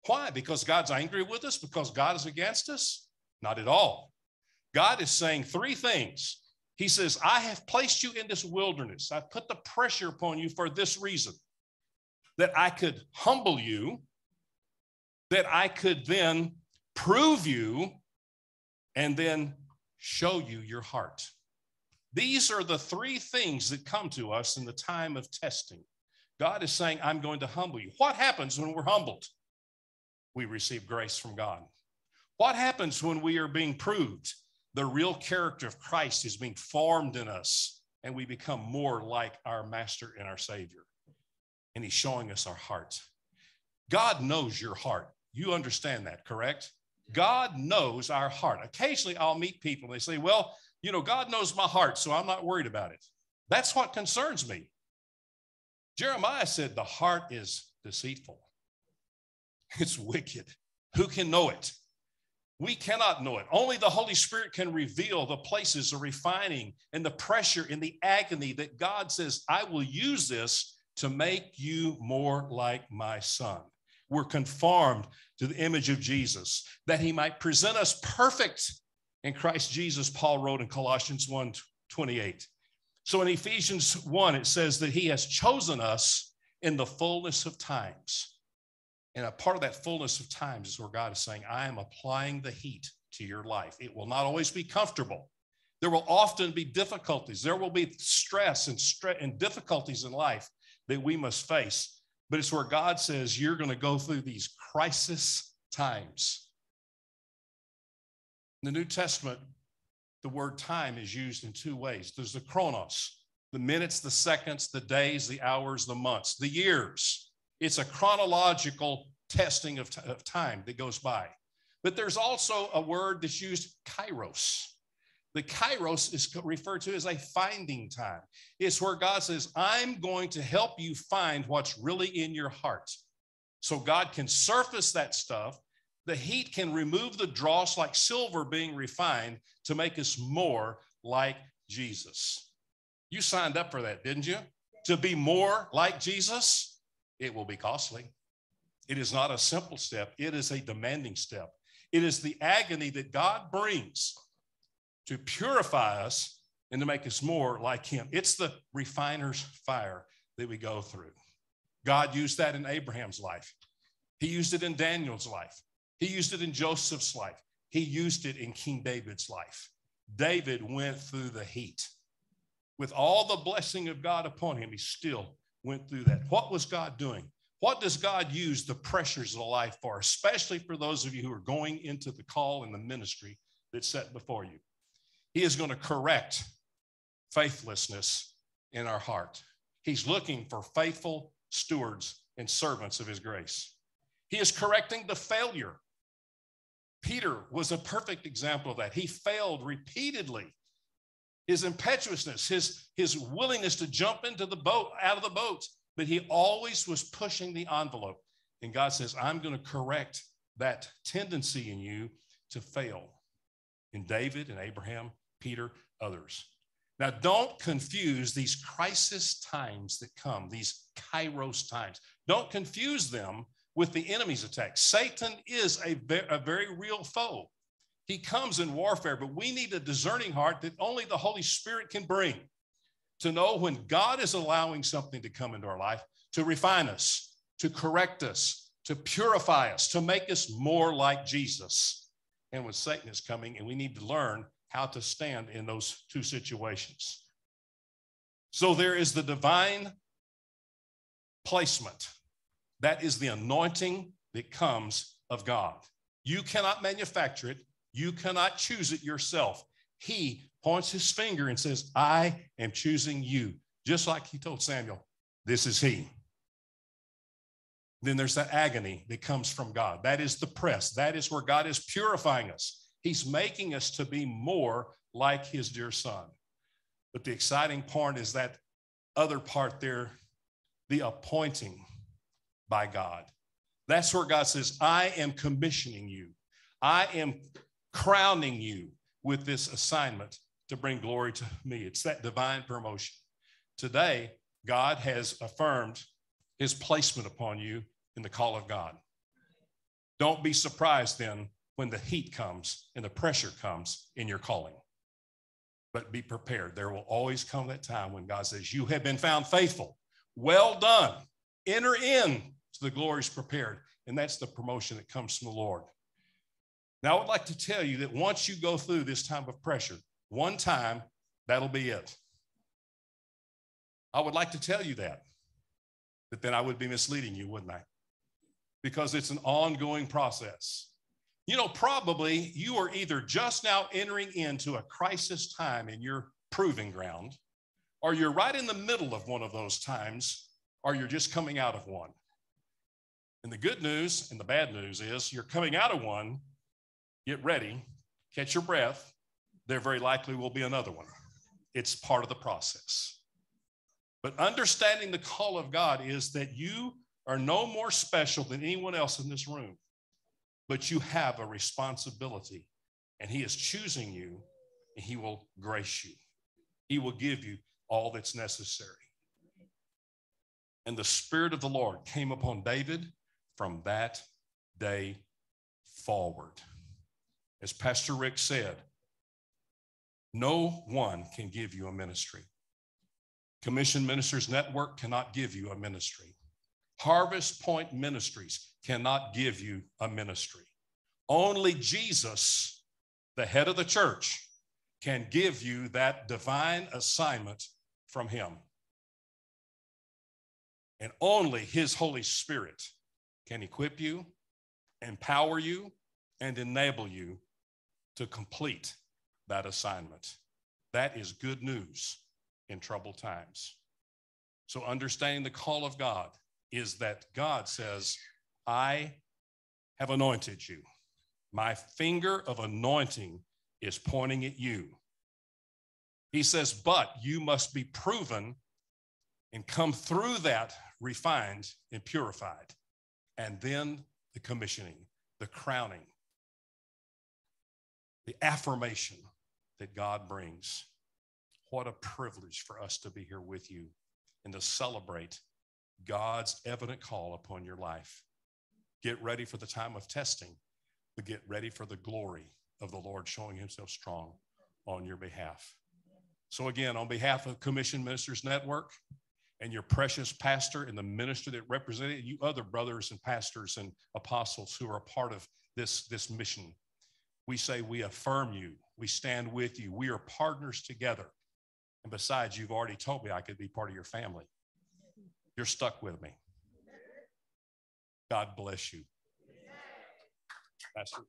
Why? Because God's angry with us? Because God is against us? Not at all. God is saying three things. He says, I have placed you in this wilderness. I've put the pressure upon you for this reason that I could humble you, that I could then prove you, and then show you your heart. These are the three things that come to us in the time of testing. God is saying, I'm going to humble you. What happens when we're humbled? We receive grace from God. What happens when we are being proved? The real character of Christ is being formed in us, and we become more like our Master and our Savior and he's showing us our hearts. God knows your heart. You understand that, correct? God knows our heart. Occasionally I'll meet people and they say, Well, you know, God knows my heart, so I'm not worried about it. That's what concerns me. Jeremiah said, The heart is deceitful, it's wicked. Who can know it? We cannot know it. Only the Holy Spirit can reveal the places of refining and the pressure and the agony that God says, I will use this to make you more like my son. We're conformed to the image of Jesus, that he might present us perfect in Christ Jesus, Paul wrote in Colossians 1 28. So in Ephesians 1, it says that he has chosen us in the fullness of times. And a part of that fullness of times is where God is saying, I am applying the heat to your life. It will not always be comfortable. There will often be difficulties. There will be stress and, stre- and difficulties in life that we must face. But it's where God says you're going to go through these crisis times. In the New Testament, the word time is used in two ways there's the chronos, the minutes, the seconds, the days, the hours, the months, the years. It's a chronological testing of, of time that goes by. But there's also a word that's used, kairos. The kairos is referred to as a finding time. It's where God says, I'm going to help you find what's really in your heart. So God can surface that stuff. The heat can remove the dross like silver being refined to make us more like Jesus. You signed up for that, didn't you? To be more like Jesus, it will be costly. It is not a simple step, it is a demanding step. It is the agony that God brings to purify us and to make us more like him. It's the refiner's fire that we go through. God used that in Abraham's life. He used it in Daniel's life. He used it in Joseph's life. He used it in King David's life. David went through the heat. With all the blessing of God upon him, he still went through that. What was God doing? What does God use the pressures of life for, especially for those of you who are going into the call and the ministry that's set before you? He is going to correct faithlessness in our heart. He's looking for faithful stewards and servants of his grace. He is correcting the failure. Peter was a perfect example of that. He failed repeatedly. His impetuousness, his, his willingness to jump into the boat, out of the boat, but he always was pushing the envelope. And God says, I'm going to correct that tendency in you to fail. In David and Abraham Peter, others. Now, don't confuse these crisis times that come, these kairos times. Don't confuse them with the enemy's attack. Satan is a, a very real foe. He comes in warfare, but we need a discerning heart that only the Holy Spirit can bring to know when God is allowing something to come into our life to refine us, to correct us, to purify us, to make us more like Jesus. And when Satan is coming, and we need to learn how to stand in those two situations. So there is the divine placement. That is the anointing that comes of God. You cannot manufacture it, you cannot choose it yourself. He points his finger and says, I am choosing you. Just like he told Samuel, this is he. Then there's that agony that comes from God. That is the press. That is where God is purifying us. He's making us to be more like his dear son. But the exciting part is that other part there, the appointing by God. That's where God says, I am commissioning you, I am crowning you with this assignment to bring glory to me. It's that divine promotion. Today, God has affirmed his placement upon you in the call of God. Don't be surprised then when the heat comes and the pressure comes in your calling. But be prepared. There will always come that time when God says, You have been found faithful. Well done. Enter in to the glories prepared. And that's the promotion that comes from the Lord. Now, I would like to tell you that once you go through this time of pressure, one time, that'll be it. I would like to tell you that, but then I would be misleading you, wouldn't I? Because it's an ongoing process. You know, probably you are either just now entering into a crisis time in your proving ground, or you're right in the middle of one of those times, or you're just coming out of one. And the good news and the bad news is you're coming out of one, get ready, catch your breath. There very likely will be another one. It's part of the process. But understanding the call of God is that you are no more special than anyone else in this room but you have a responsibility, and He is choosing you, and He will grace you. He will give you all that's necessary. And the Spirit of the Lord came upon David from that day forward. As Pastor Rick said, no one can give you a ministry. Commission Ministers Network cannot give you a ministry. Harvest Point Ministries cannot give you a ministry. Only Jesus, the head of the church, can give you that divine assignment from Him. And only His Holy Spirit can equip you, empower you, and enable you to complete that assignment. That is good news in troubled times. So, understanding the call of God is that God says, I have anointed you. My finger of anointing is pointing at you. He says, But you must be proven and come through that refined and purified. And then the commissioning, the crowning, the affirmation that God brings. What a privilege for us to be here with you and to celebrate God's evident call upon your life. Get ready for the time of testing, but get ready for the glory of the Lord showing himself strong on your behalf. So, again, on behalf of Commission Ministers Network and your precious pastor and the minister that represented you, other brothers and pastors and apostles who are a part of this, this mission, we say we affirm you, we stand with you, we are partners together. And besides, you've already told me I could be part of your family. You're stuck with me. God bless you. Pastor.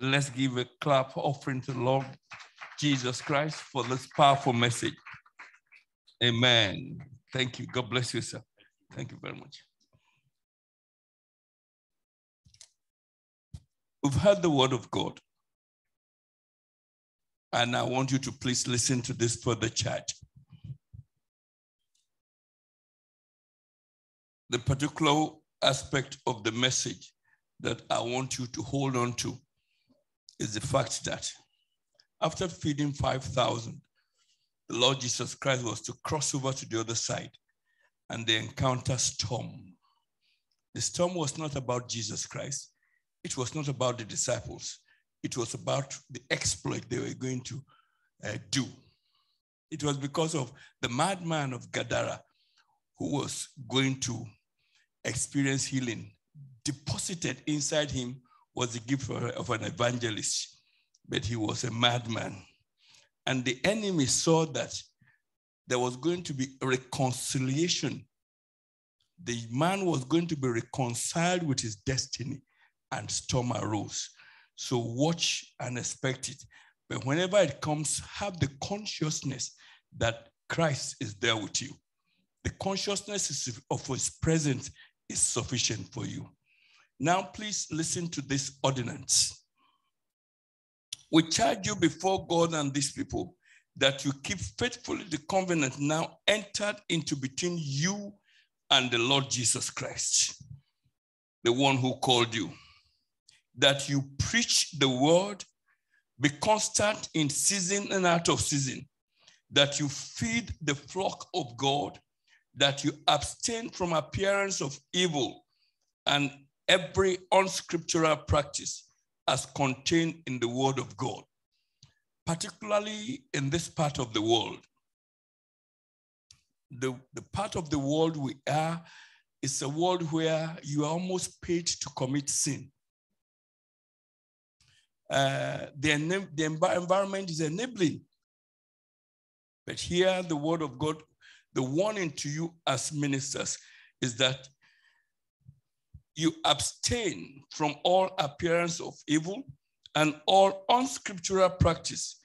Let's give a clap offering to the Lord Jesus Christ for this powerful message. Amen. Thank you. God bless you, sir. Thank you very much. We've heard the word of God. And I want you to please listen to this for the church. The particular aspect of the message that I want you to hold on to is the fact that after feeding 5,000, the Lord Jesus Christ was to cross over to the other side and they encounter storm. The storm was not about Jesus Christ. It was not about the disciples it was about the exploit they were going to uh, do. It was because of the madman of Gadara who was going to experience healing. Deposited inside him was the gift of an evangelist, but he was a madman. And the enemy saw that there was going to be reconciliation. The man was going to be reconciled with his destiny, and storm arose. So watch and expect it. But whenever it comes, have the consciousness that Christ is there with you. The consciousness of his presence is sufficient for you. Now, please listen to this ordinance. We charge you before God and these people that you keep faithfully the covenant now entered into between you and the Lord Jesus Christ, the one who called you that you preach the word, be constant in season and out of season, that you feed the flock of God, that you abstain from appearance of evil and every unscriptural practice as contained in the word of God, particularly in this part of the world. The, the part of the world we are is a world where you are almost paid to commit sin uh, the, the environment is enabling. But here, the word of God, the warning to you as ministers is that you abstain from all appearance of evil and all unscriptural practice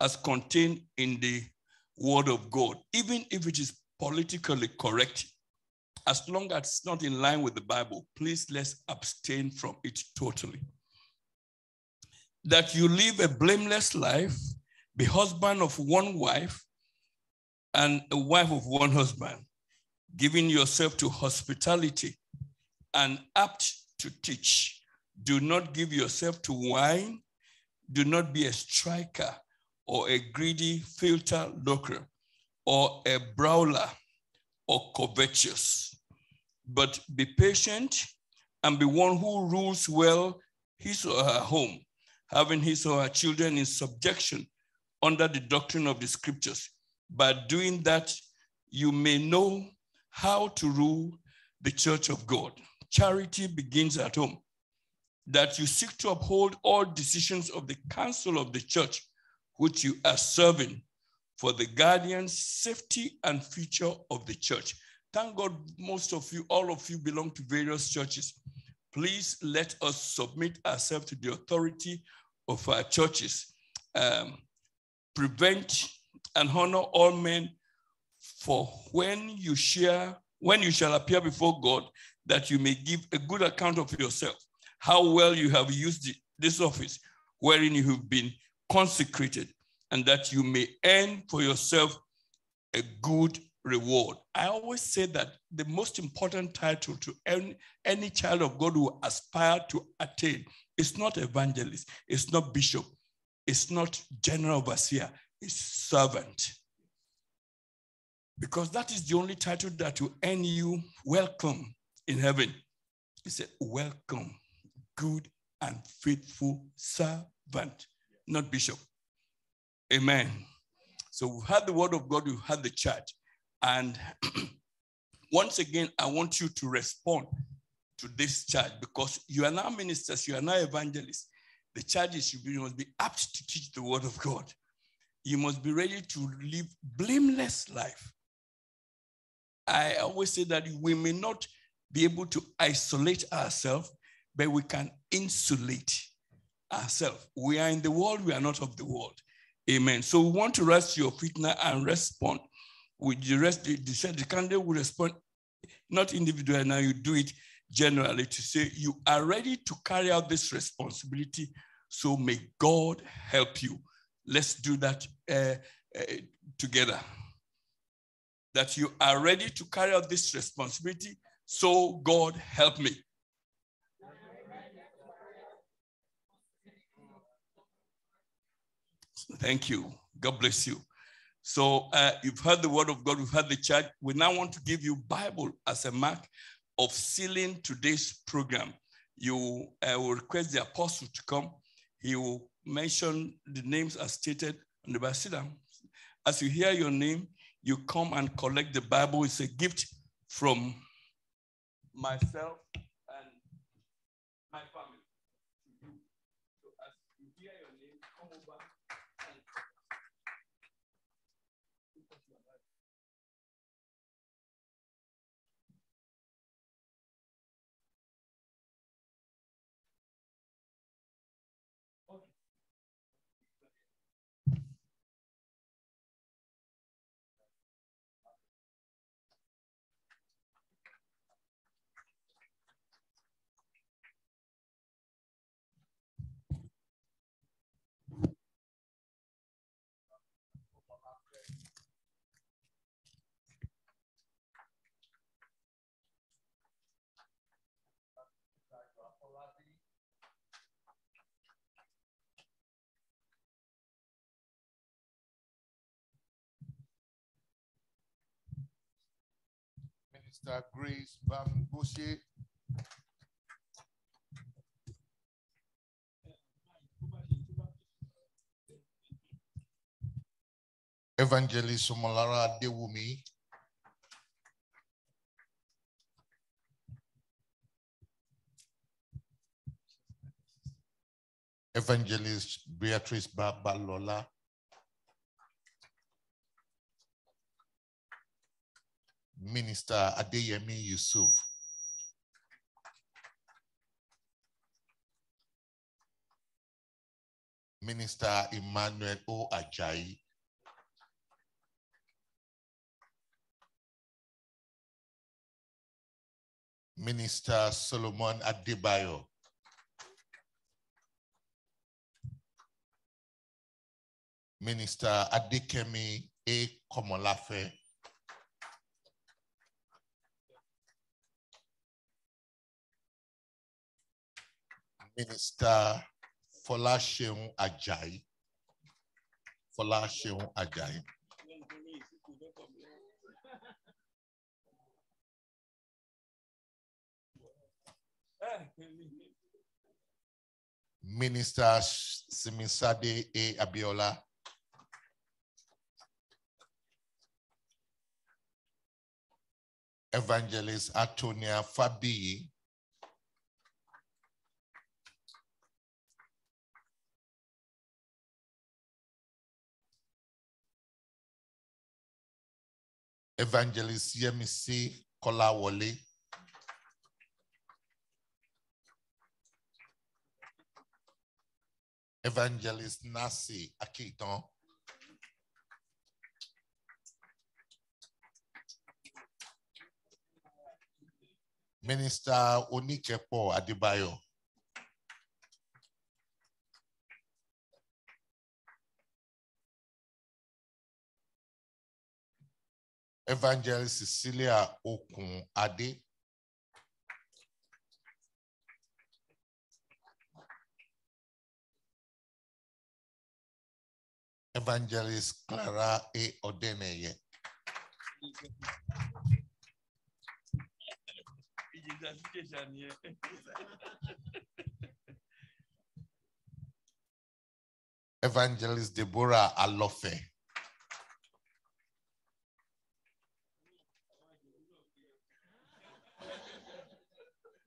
as contained in the word of God, even if it is politically correct. As long as it's not in line with the Bible, please let's abstain from it totally that you live a blameless life, be husband of one wife and a wife of one husband, giving yourself to hospitality and apt to teach. Do not give yourself to wine. Do not be a striker or a greedy filter looker or a brawler or covetous, but be patient and be one who rules well his or her home having his or her children in subjection under the doctrine of the scriptures. By doing that, you may know how to rule the church of God. Charity begins at home, that you seek to uphold all decisions of the council of the church, which you are serving for the guardians, safety, and future of the church. Thank God most of you, all of you belong to various churches please let us submit ourselves to the authority of our churches. Um, prevent and honor all men, for when you share, when you shall appear before God, that you may give a good account of yourself, how well you have used this office, wherein you have been consecrated, and that you may earn for yourself a good reward. I always say that the most important title to any, any child of God who aspire to attain is not evangelist, it's not bishop, it's not general overseer, it's servant. Because that is the only title that will earn you welcome in heaven. He said, Welcome, good and faithful servant, not bishop. Amen. So we've had the word of God, we've had the church. And once again, I want you to respond to this charge because you are now ministers, you are now evangelists. The charge is you must be apt to teach the word of God. You must be ready to live blameless life. I always say that we may not be able to isolate ourselves, but we can insulate ourselves. We are in the world, we are not of the world. Amen. So we want to rest your feet now and respond with the rest, they said the candidate will respond not individually, now you do it generally to say you are ready to carry out this responsibility. So may God help you. Let's do that uh, uh, together. That you are ready to carry out this responsibility. So God help me. Thank you. God bless you. So uh, you've heard the word of God, we have heard the church. We now want to give you Bible as a mark of sealing today's program. You uh, will request the apostle to come. He will mention the names as stated on the Basila. As you hear your name, you come and collect the Bible. It's a gift from myself Sister Grace Bambushe. Evangelist Somolara Dewumi. Evangelist Beatrice Babalola. Minister Adeyemi Yusuf. Minister Emmanuel O. Ajayi. Minister Solomon Adebayo. Minister Adikemi A. Komolafe. Minister Folaseun Ajayi. Folaseun Ajayi. Minister Simisade A. Abiola. Evangelist Atonia Fabi. Evangelist Yemisi Kolawole. Evangelist Nasi Akiton. Minister Onikepo Adibayo. Evangelist Cecilia Okun Ade. Evangelist Clara A. Odeneye. Evangelist Deborah Alofe.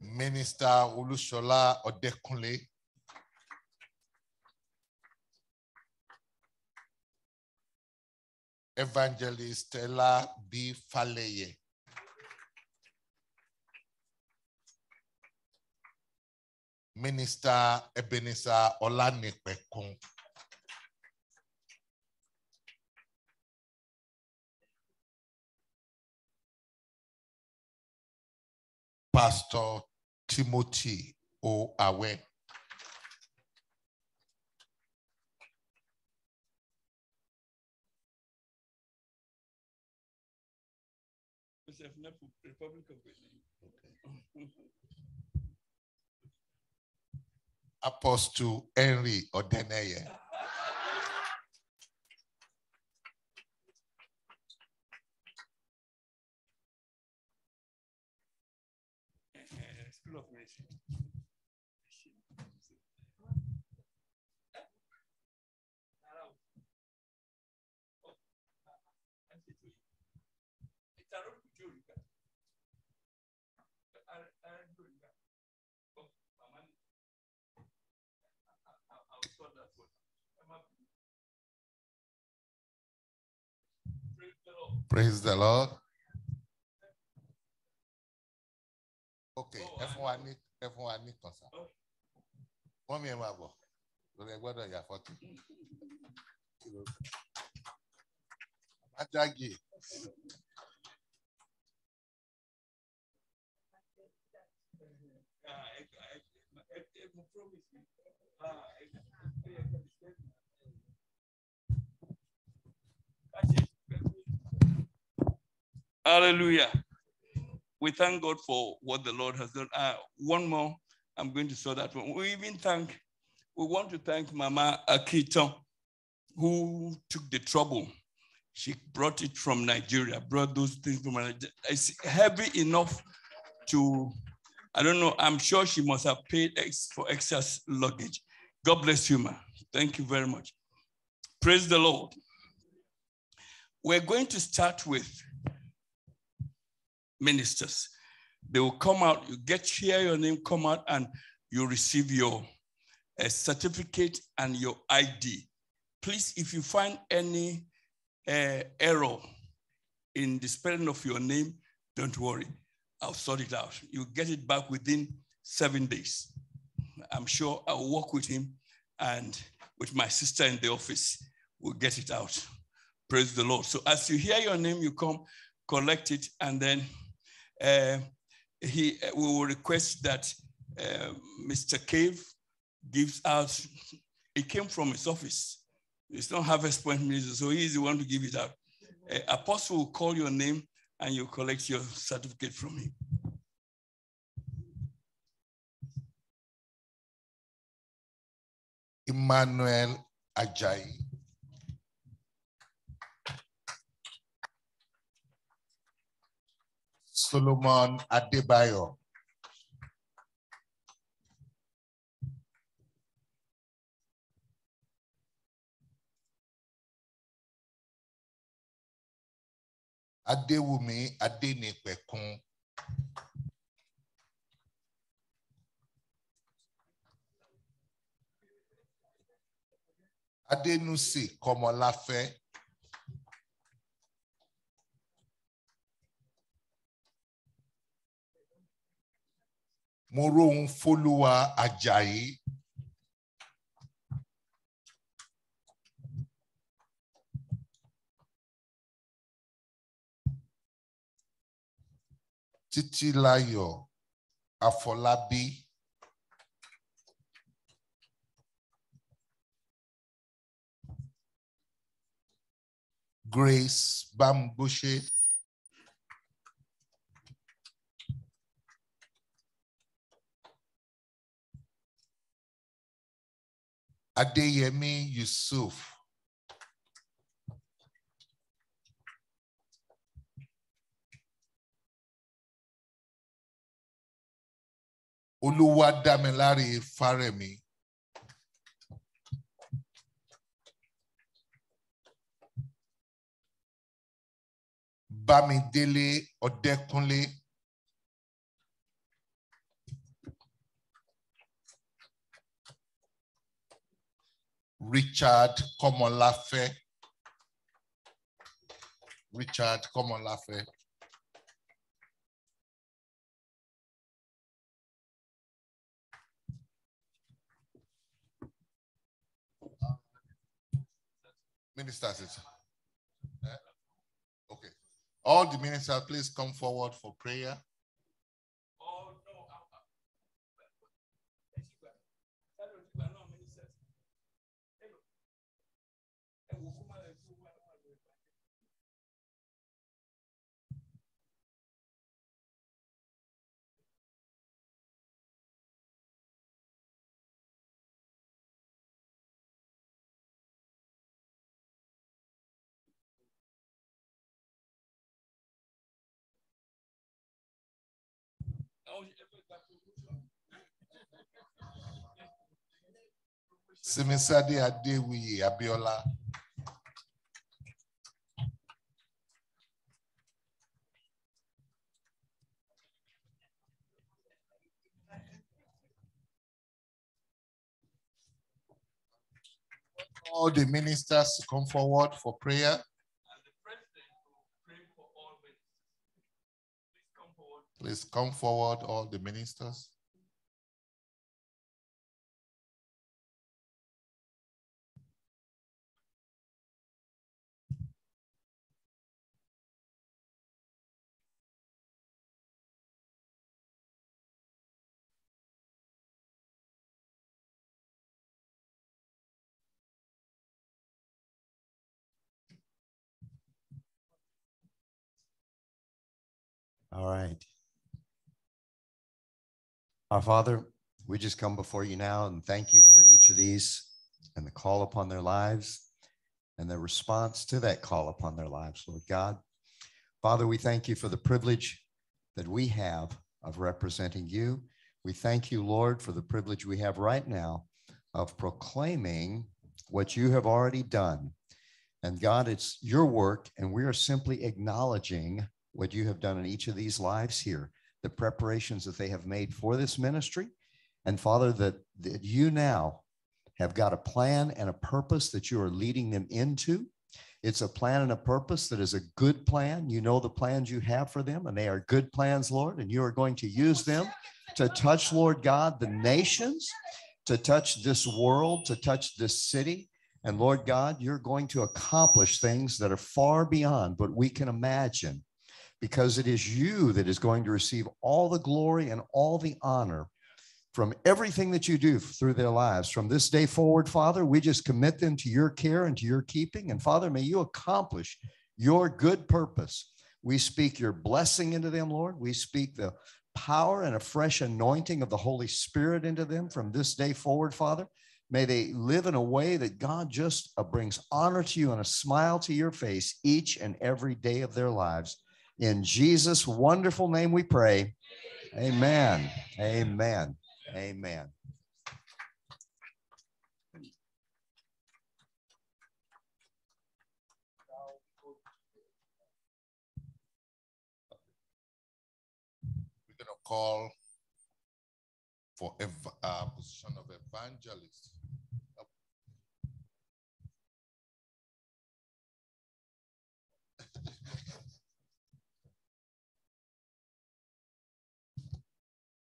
Minister Olushola Odekunle. Evangelist Ella B. Faleye. Minister Ebenezer Olanipekun. Pastor Timothy O. Awe. Joseph Nepu, Republic of Benin. Apostle Henry Odeneye. Praise the Lord. Okay, everyone, fún wa ní ẹ fún wa ní kọ̀sà. Wọ́n mi ẹ̀ máa bọ̀ Ajági. Thank you. Hallelujah. We thank God for what the Lord has done. Uh, one more, I'm going to show that one. We even thank, we want to thank Mama Akito, who took the trouble. She brought it from Nigeria, brought those things from Nigeria. It's heavy enough to, I don't know, I'm sure she must have paid ex for excess luggage. God bless you, ma. Thank you very much. Praise the Lord. We're going to start with ministers. They will come out, you get here, your name come out, and you receive your uh, certificate and your ID. Please, if you find any uh, error in the spelling of your name, don't worry. I'll sort it out. You get it back within seven days. I'm sure I'll work with him and with my sister in the office, we'll get it out. Praise the Lord. So as you hear your name, you come, collect it, and then uh, he, uh, we will request that uh, Mr. Cave gives out, it came from his office. It's not Harvest Point Minister, so he's the one to give it out. Apostle will call your name and you collect your certificate from him. Emmanuel Ajayi. Solomon Adebayo. Adéwùmí Adénípẹ̀kun. Adénúsì Kọ́mọláfẹ́. mo róhun fólúwa Àjàyí. Títílayọ̀ afolabi Grace Bamboshe. Adeyemi Yusuf. Oluwadamilare Faremi. Bamidele Odekunle. Richard Komolafe. Richard Komolafe. Ministers, it's, eh? okay. All the ministers, please come forward for prayer. Simisade Adewuyi Abiola. All the ministers to come forward for prayer. Please come forward, all the ministers. All right. Our Father, we just come before you now and thank you for each of these and the call upon their lives and their response to that call upon their lives, Lord God. Father, we thank you for the privilege that we have of representing you. We thank you, Lord, for the privilege we have right now of proclaiming what you have already done. And God, it's your work, and we are simply acknowledging what you have done in each of these lives here the preparations that they have made for this ministry. And Father, that, that you now have got a plan and a purpose that you are leading them into. It's a plan and a purpose that is a good plan. You know the plans you have for them, and they are good plans, Lord, and you are going to use them to touch, Lord God, the nations, to touch this world, to touch this city. And Lord God, you're going to accomplish things that are far beyond what we can imagine because it is you that is going to receive all the glory and all the honor from everything that you do through their lives. From this day forward, Father, we just commit them to your care and to your keeping. And Father, may you accomplish your good purpose. We speak your blessing into them, Lord. We speak the power and a fresh anointing of the Holy Spirit into them from this day forward, Father. May they live in a way that God just uh, brings honor to you and a smile to your face each and every day of their lives. In Jesus' wonderful name we pray. Amen. Amen. Amen. We're going to call for a uh, position of evangelist.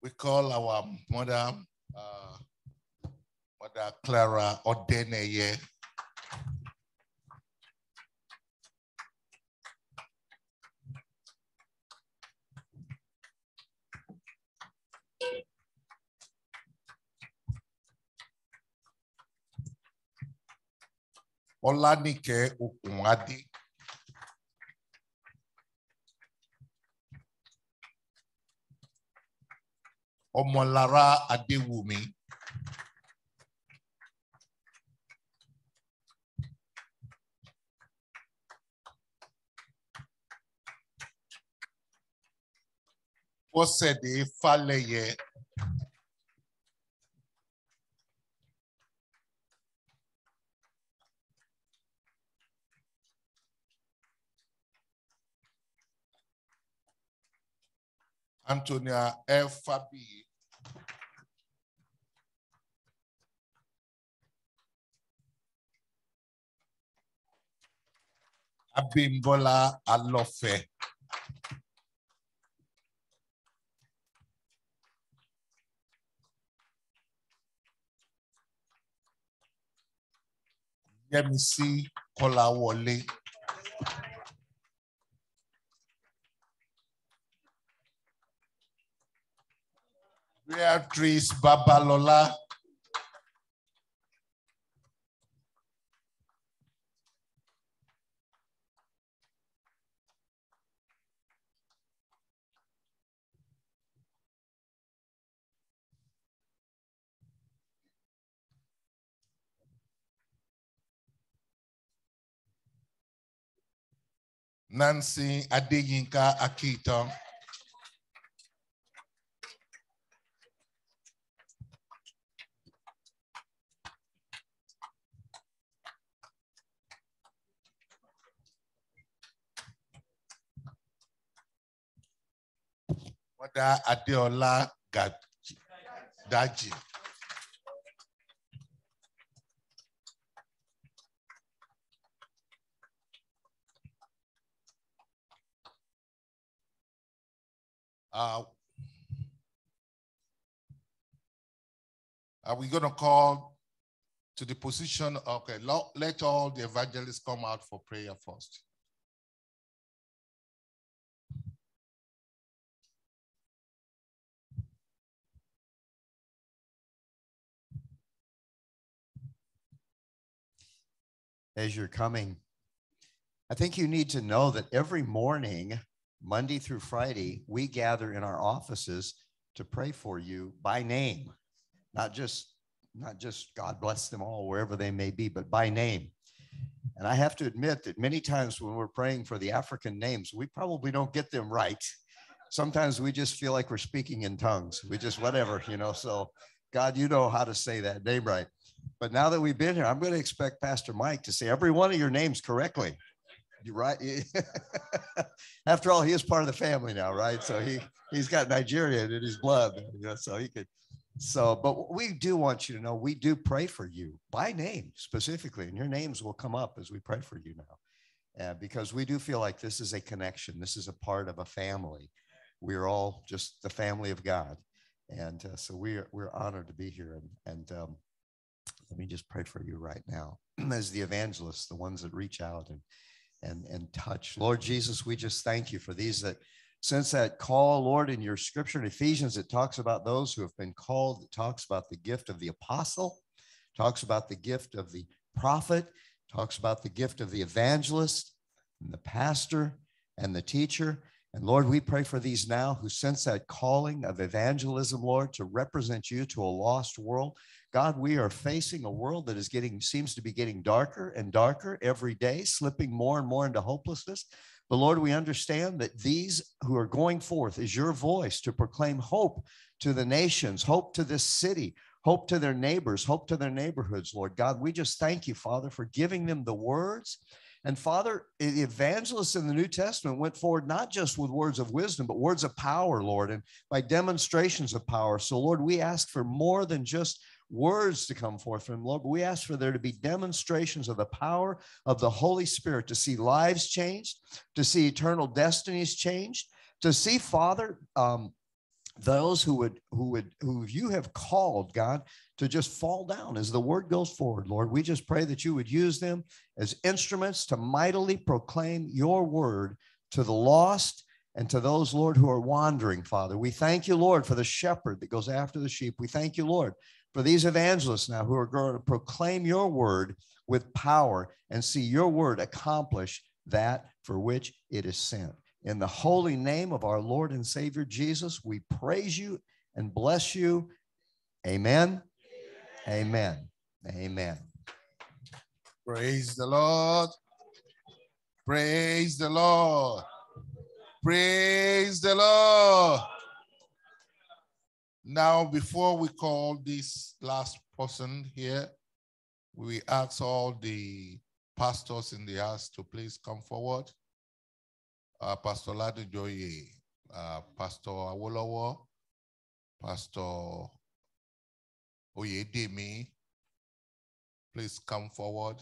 we call our mother, uh, Mother Clara Odeneye. Olanike Okunade. ọmọlára adéwùmí. Bọ́sẹ̀dé Fálẹ́yẹ Antonia F. Fabi. Abimbola Alofe. Yemisi Kolawole. Wole. Beatrice Babalola. Nancy Adeyinka Akito. Mother Adeola Daji. Uh, are we going to call to the position? Okay, let all the evangelists come out for prayer first. as you're coming. I think you need to know that every morning, Monday through Friday, we gather in our offices to pray for you by name, not just not just God bless them all wherever they may be, but by name. And I have to admit that many times when we're praying for the African names, we probably don't get them right. Sometimes we just feel like we're speaking in tongues. We just whatever, you know. So, God, you know how to say that name right. But now that we've been here, I'm going to expect Pastor Mike to say every one of your names correctly. You right? After all, he is part of the family now, right? So he he's got Nigerian in his blood, you know, so he could. So, but we do want you to know we do pray for you by name specifically, and your names will come up as we pray for you now, uh, because we do feel like this is a connection. This is a part of a family. We are all just the family of God, and uh, so we are, we're honored to be here. And and um, let me just pray for you right now. As the evangelists, the ones that reach out and and and touch. Lord Jesus, we just thank you for these that since that call, Lord, in your scripture in Ephesians, it talks about those who have been called, it talks about the gift of the apostle, talks about the gift of the prophet, talks about the gift of the evangelist, and the pastor, and the teacher. And Lord, we pray for these now who sense that calling of evangelism, Lord, to represent you to a lost world. God, we are facing a world that is getting seems to be getting darker and darker every day, slipping more and more into hopelessness. But Lord, we understand that these who are going forth is your voice to proclaim hope to the nations, hope to this city, hope to their neighbors, hope to their neighborhoods, Lord God. We just thank you, Father, for giving them the words. And Father, the evangelists in the New Testament went forward not just with words of wisdom, but words of power, Lord, and by demonstrations of power. So, Lord, we ask for more than just words to come forth from Lord, but we ask for there to be demonstrations of the power of the Holy Spirit to see lives changed, to see eternal destinies changed, to see, Father, um, those who would who would who you have called god to just fall down as the word goes forward lord we just pray that you would use them as instruments to mightily proclaim your word to the lost and to those lord who are wandering father we thank you lord for the shepherd that goes after the sheep we thank you lord for these evangelists now who are going to proclaim your word with power and see your word accomplish that for which it is sent. In the holy name of our Lord and Savior Jesus, we praise you and bless you. Amen. Amen. Amen. Praise the Lord. Praise the Lord. Praise the Lord. Now, before we call this last person here, we ask all the pastors in the house to please come forward. Uh, Pastor Lado Joye, uh, Pastor Awolowo, Pastor Oyedemi, please come forward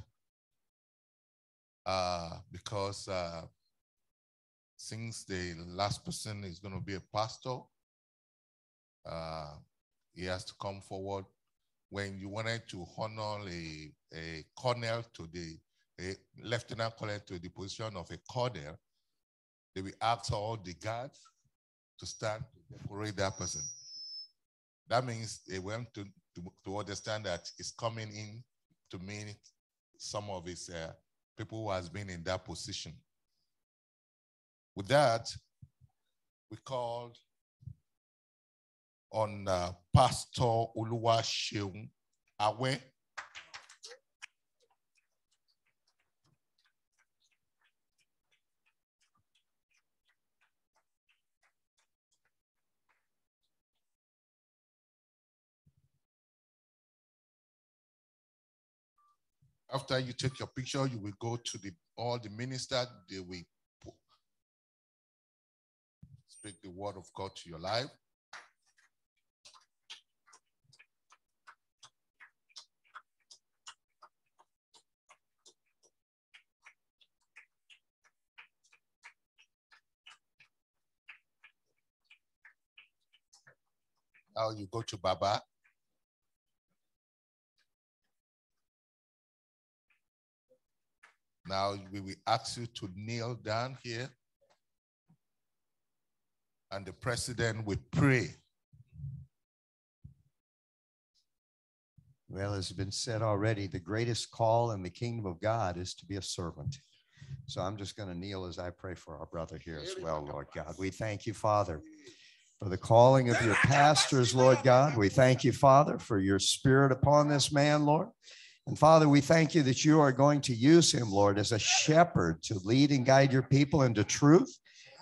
uh, because uh, since the last person is going to be a pastor, uh, he has to come forward. When you wanted to honor a, a colonel to the a lieutenant colonel to the position of a colonel, they will ask all the guards to stand to decorate that person. That means they want to, to, to understand that it's coming in to mean some of his uh, people who has been in that position. With that, we called on uh, Pastor Uluwa Sheung Awe. After you take your picture, you will go to the all the ministers. They will speak the word of God to your life. Now you go to Baba. Now we will ask you to kneel down here. And the president will pray. Well, as has been said already, the greatest call in the kingdom of God is to be a servant. So I'm just going to kneel as I pray for our brother here as well, Lord God. We thank you, Father for the calling of your pastors, Lord God. We thank you, Father, for your spirit upon this man, Lord. And Father, we thank you that you are going to use him, Lord, as a shepherd to lead and guide your people into truth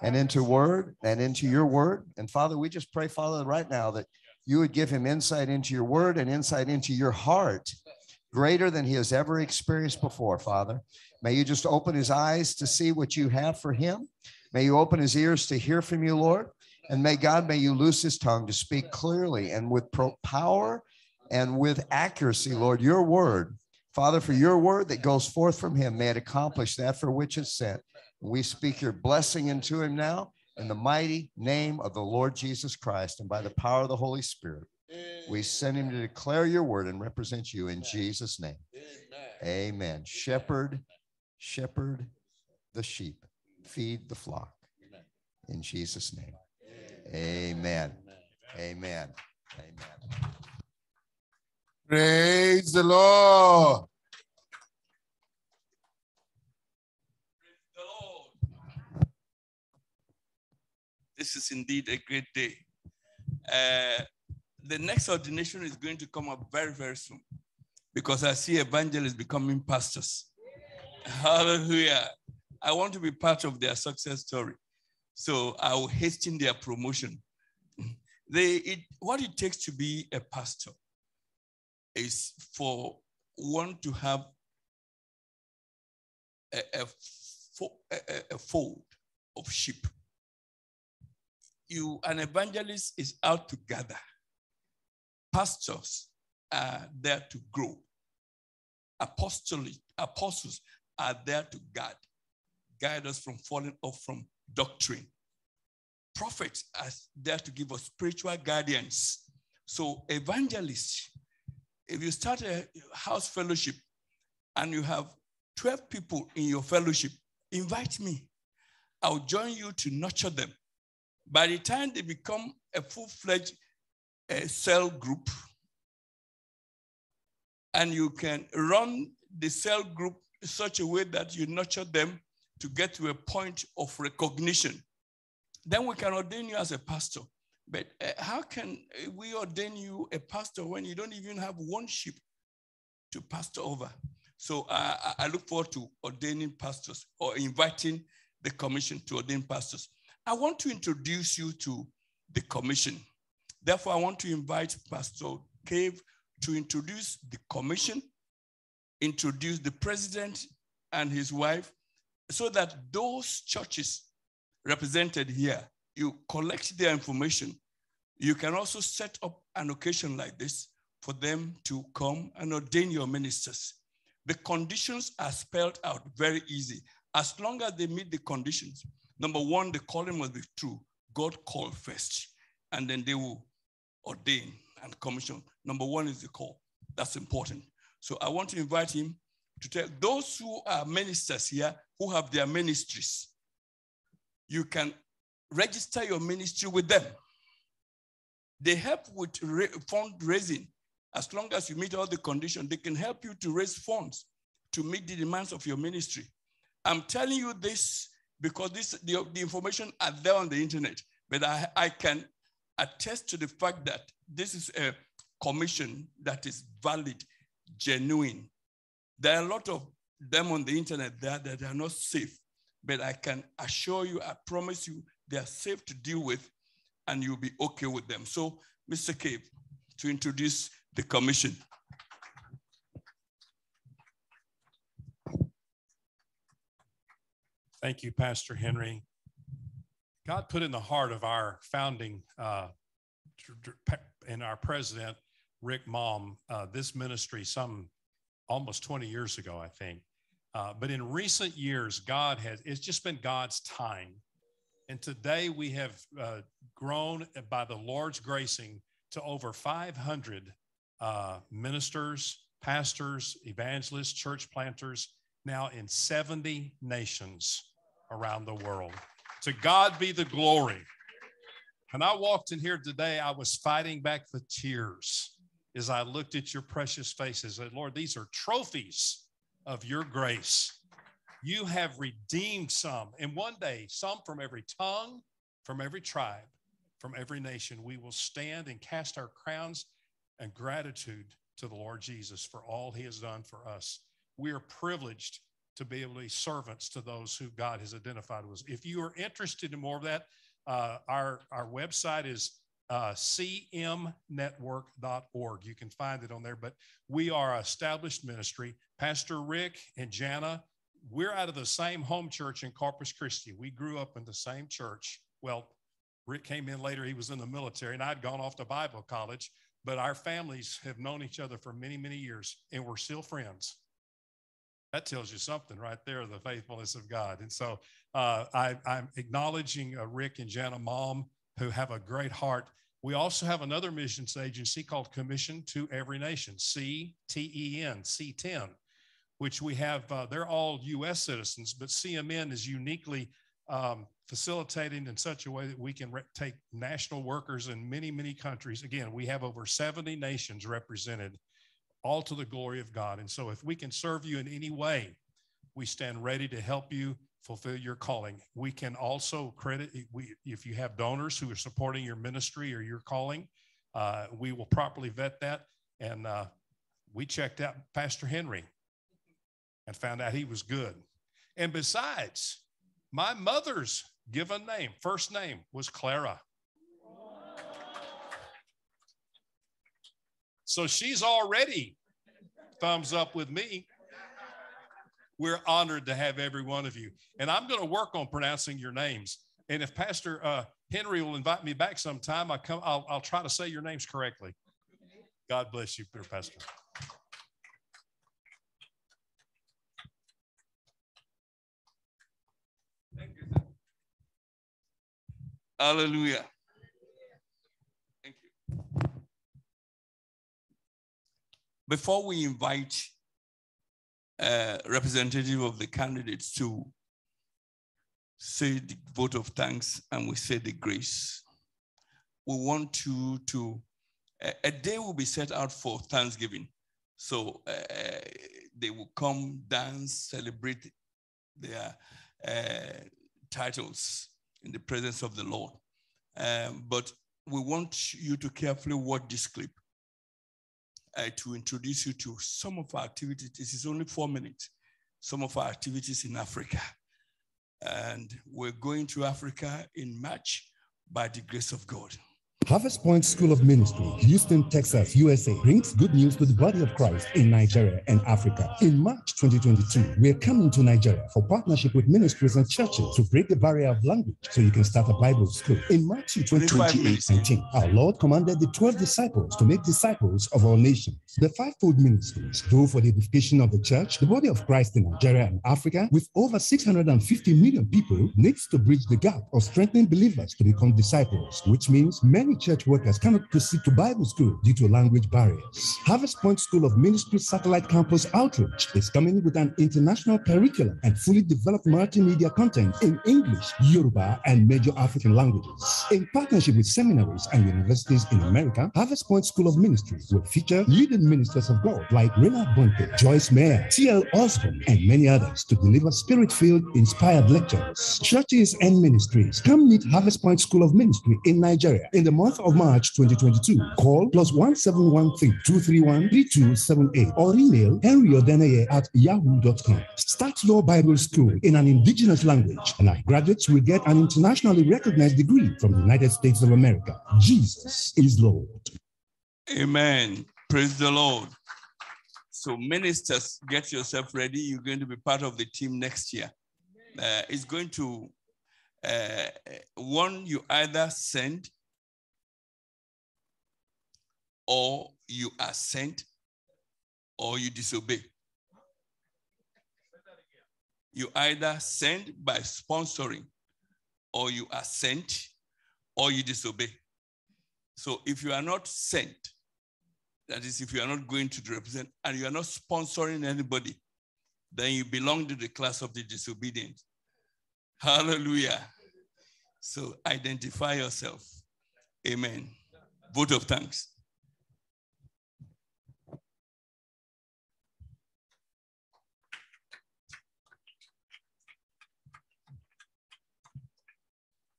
and into word and into your word. And Father, we just pray, Father, right now that you would give him insight into your word and insight into your heart greater than he has ever experienced before, Father. May you just open his eyes to see what you have for him. May you open his ears to hear from you, Lord. And may God, may you loose his tongue to speak clearly and with pro- power and with accuracy, Lord, your word. Father, for your word that goes forth from him, may it accomplish that for which it's sent. We speak your blessing into him now in the mighty name of the Lord Jesus Christ and by the power of the Holy Spirit. We send him to declare your word and represent you in Jesus' name. Amen. Shepherd, shepherd the sheep, feed the flock in Jesus' name. Amen. Amen. Amen. Praise the Lord. This is indeed a great day. Uh, the next ordination is going to come up very, very soon because I see evangelists becoming pastors. Hallelujah. I want to be part of their success story. So I will hasten their promotion. They, it, what it takes to be a pastor is for one to have a, a, a, a fold of sheep. You, an evangelist is out to gather. Pastors are there to grow. apostles are there to guard, guide us from falling off from doctrine. Prophets are there to give us spiritual guardians. So, evangelists, if you start a house fellowship and you have 12 people in your fellowship, invite me. I'll join you to nurture them. By the time they become a full fledged uh, cell group, and you can run the cell group in such a way that you nurture them to get to a point of recognition. Then we can ordain you as a pastor. But uh, how can we ordain you a pastor when you don't even have one sheep to pastor over? So uh, I look forward to ordaining pastors or inviting the commission to ordain pastors. I want to introduce you to the commission. Therefore, I want to invite Pastor Cave to introduce the commission, introduce the president and his wife, so that those churches represented here, you collect their information. You can also set up an occasion like this for them to come and ordain your ministers. The conditions are spelled out very easy. As long as they meet the conditions, number one, the calling must be true. God called first, and then they will ordain and commission. Number one is the call. That's important. So I want to invite him to tell those who are ministers here who have their ministries, you can register your ministry with them. They help with fundraising. As long as you meet all the conditions, they can help you to raise funds to meet the demands of your ministry. I'm telling you this because this, the, the information are there on the internet, but I, I can attest to the fact that this is a commission that is valid, genuine, there are a lot of them on the internet that, that are not safe, but I can assure you, I promise you, they are safe to deal with and you'll be okay with them. So, Mr. Cave, to introduce the commission. Thank you, Pastor Henry. God put in the heart of our founding uh, and our president, Rick Mom, uh, this ministry some almost 20 years ago, I think. Uh, but in recent years, God has, it's just been God's time. And today we have uh, grown by the Lord's gracing to over 500 uh, ministers, pastors, evangelists, church planters now in 70 nations around the world. To God be the glory. When I walked in here today, I was fighting back the tears as I looked at your precious faces. And Lord, these are trophies of your grace. You have redeemed some, and one day, some from every tongue, from every tribe, from every nation. We will stand and cast our crowns and gratitude to the Lord Jesus for all he has done for us. We are privileged to be able to be servants to those who God has identified with us. If you are interested in more of that, uh, our, our website is uh, cmnetwork.org. You can find it on there, but we are established ministry. Pastor Rick and Jana, we're out of the same home church in Corpus Christi. We grew up in the same church. Well, Rick came in later, he was in the military, and I'd gone off to Bible college, but our families have known each other for many, many years, and we're still friends. That tells you something right there, the faithfulness of God. And so uh, I, am acknowledging uh, Rick and Jana, mom who have a great heart. We also have another missions agency called Commission to Every Nation, C T 10 which we have, uh, they're all US citizens, but CMN is uniquely um, facilitating in such a way that we can re- take national workers in many, many countries. Again, we have over 70 nations represented, all to the glory of God. And so if we can serve you in any way, we stand ready to help you fulfill your calling. We can also credit, we, if you have donors who are supporting your ministry or your calling, uh, we will properly vet that. And uh, we checked out Pastor Henry and found out he was good. And besides, my mother's given name, first name was Clara. So she's already thumbs up with me. We're honored to have every one of you. And I'm going to work on pronouncing your names. And if Pastor uh, Henry will invite me back sometime, I come, I'll, I'll try to say your names correctly. God bless you, dear Pastor. Hallelujah. Thank you. Before we invite representative of the candidates to say the vote of thanks and we say the grace. We want to to, a, a day will be set out for Thanksgiving. So uh, uh they will come, dance, celebrate their uh, titles in the presence of the Lord. Um, but we want you to carefully watch this clip uh, to introduce you to some of our activities. This is only four minutes, some of our activities in Africa. And we're going to Africa in March by the grace of God. Harvest Point School of Ministry, Houston, Texas, USA, brings good news to the body of Christ in Nigeria and Africa. In March 2022, we're coming to Nigeria for partnership with ministries and churches to break the barrier of language so you can start a Bible school. In Matthew 28, our Lord commanded the 12 disciples to make disciples of all nations. The fivefold ministries do for the edification of the church, the body of Christ in Nigeria and Africa, with over 650 million people, needs to bridge the gap of strengthening believers to become disciples, which means many church workers cannot proceed to Bible school due to language barriers. Harvest Point School of Ministry Satellite Campus Outreach is coming with an international curriculum and fully developed multimedia content in English, Yoruba, and major African languages. In partnership with seminaries and universities in America, Harvest Point School of Ministry will feature leading ministers of God like Renard Bunte, Joyce Mayer, T.L. Osborne, and many others to deliver spirit-filled, inspired lectures, churches, and ministries. Come meet Harvest Point School of Ministry in Nigeria in the month of March 2022. Call plus 1713-231-3278 or email henryodeneye at yahoo.com. Start your Bible school in an indigenous language and our graduates will get an internationally recognized degree from the United States of America. Jesus is Lord. Amen. Praise the Lord. So, ministers, get yourself ready. You're going to be part of the team next year. Uh, it's going to, uh, one, you either send or you are sent or you disobey. You either send by sponsoring or you are sent or you disobey. So if you are not sent, that is, if you are not going to represent and you are not sponsoring anybody, then you belong to the class of the disobedient. Hallelujah. So identify yourself. Amen. Vote of thanks.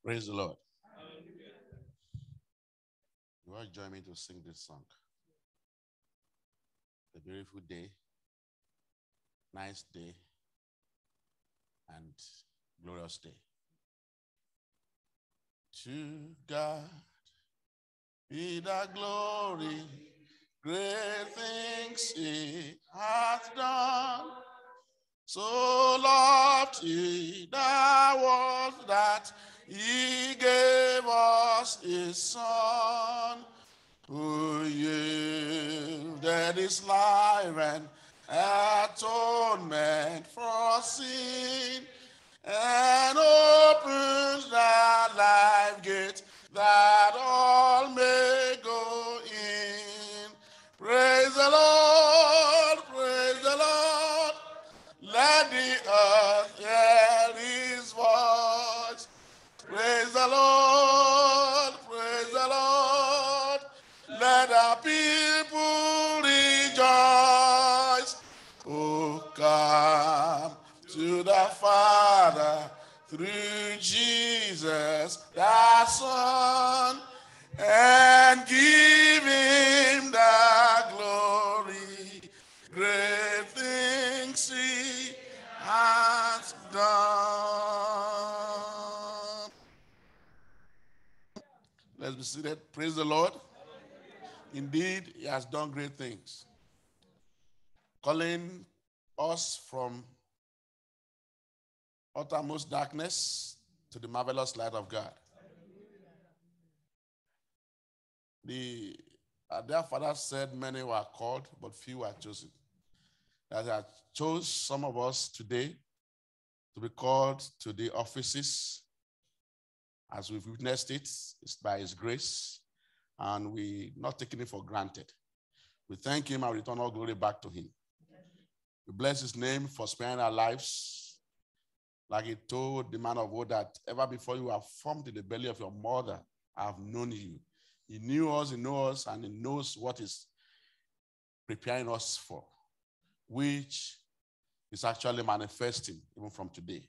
Praise the Lord. You all join me to sing this song a beautiful day, nice day, and glorious day. To God be the glory, great things He hath done. So loved He the world that He gave us His Son who yielded his life and atonement for sin, and opens that life gate that all may go in. Praise the Lord, praise the Lord. Let the earth hear his voice. Praise the Lord. Jesus, thy son, and give him thy glory. Great things he has done. Let's be seated. Praise the Lord. Indeed, he has done great things. Calling us from uttermost darkness to the marvelous light of God. The uh, their father said many were called, but few were chosen. That I chose some of us today to be called to the offices as we've witnessed it, it's by His grace, and we're not taking it for granted. We thank Him and return all glory back to Him. We bless His name for sparing our lives like he told the man of old that ever before you are formed in the belly of your mother, I have known you. He knew us, he knows us, and he knows what is preparing us for, which is actually manifesting even from today.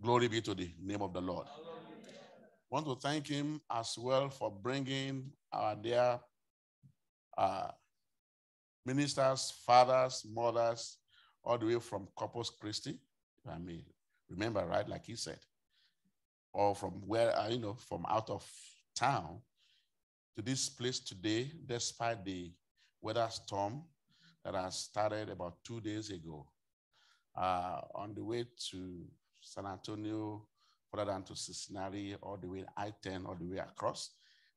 Glory be to the name of the Lord. I want to thank him as well for bringing our dear uh, ministers, fathers, mothers, all the way from Corpus Christi, I mean, Remember, right? Like you said, or from where uh, you know from out of town to this place today, despite the weather storm that has started about two days ago. Uh, on the way to San Antonio, further than to Cincinnati, all the way I-10, all the way across,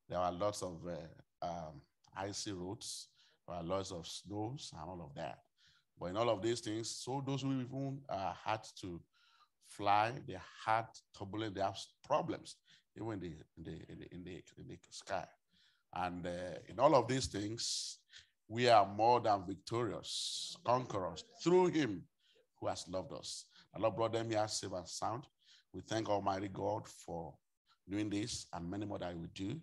there are lots of uh, um, icy roads, there are lots of snows and all of that. But in all of these things, so those who even uh, had to fly, they had turbulence, they have problems, even in the, in the, in the, in the, in the sky. And uh, in all of these things, we are more than victorious, conquerors through him who has loved us. The Lord brought them here safe and sound. We thank Almighty God for doing this and many more that we do.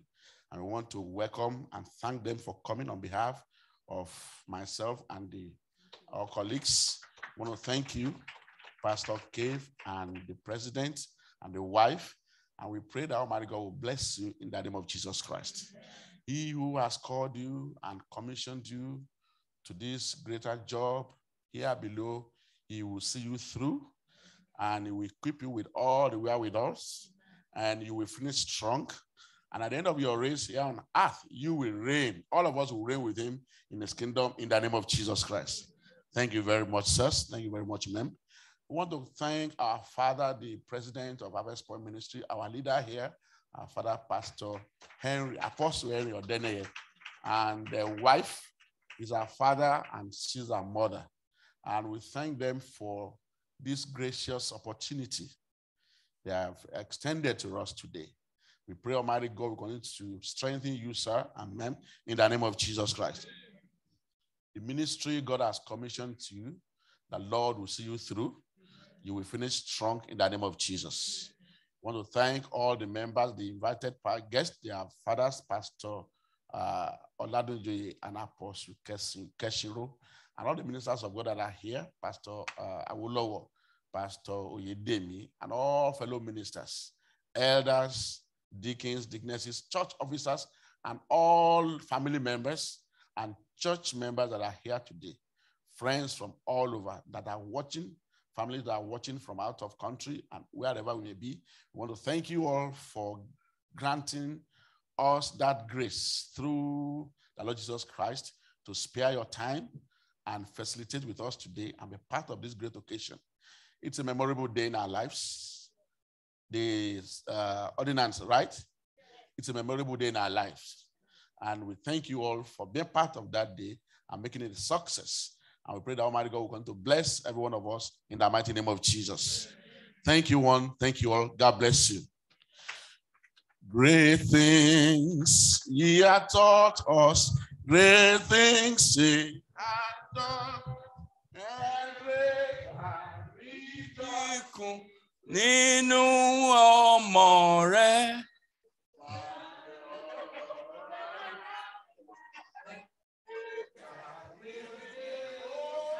And we want to welcome and thank them for coming on behalf of myself and the, our colleagues. I want to thank you Pastor Cave and the president and the wife. And we pray that Almighty God will bless you in the name of Jesus Christ. He who has called you and commissioned you to this greater job here below, he will see you through and he will equip you with all the way with us. And you will finish strong. And at the end of your race here on earth, you will reign. All of us will reign with him in his kingdom in the name of Jesus Christ. Thank you very much, sirs. Thank you very much, ma'am. We want to thank our father, the president of Harvest Point Ministry, our leader here, our father, Pastor Henry, Apostle Henry Odeneye, and their wife is our father and she's our mother. And we thank them for this gracious opportunity they have extended to us today. We pray, Almighty God, we continue to strengthen you, sir, and ma'am, in the name of Jesus Christ. The ministry God has commissioned to you, the Lord will see you through. You will finish strong in the name of Jesus. I want to thank all the members, the invited guests, their fathers, Pastor uh, Oladojoye and Apostle Keshiro, and all the ministers of God that are here, Pastor uh, Awolowo, Pastor Oyedemi, and all fellow ministers, elders, deacons, deaconesses, church officers, and all family members and church members that are here today, friends from all over that are watching families that are watching from out of country and wherever we may be. We want to thank you all for granting us that grace through the Lord Jesus Christ to spare your time and facilitate with us today and be part of this great occasion. It's a memorable day in our lives. The uh, ordinance, right? It's a memorable day in our lives. And we thank you all for being part of that day and making it a success and we pray that Almighty God will come to bless every one of us in the mighty name of Jesus. Thank you, one. Thank you all. God bless you. Great things ye have taught us. Great things ye have done. And great are we done. Nínú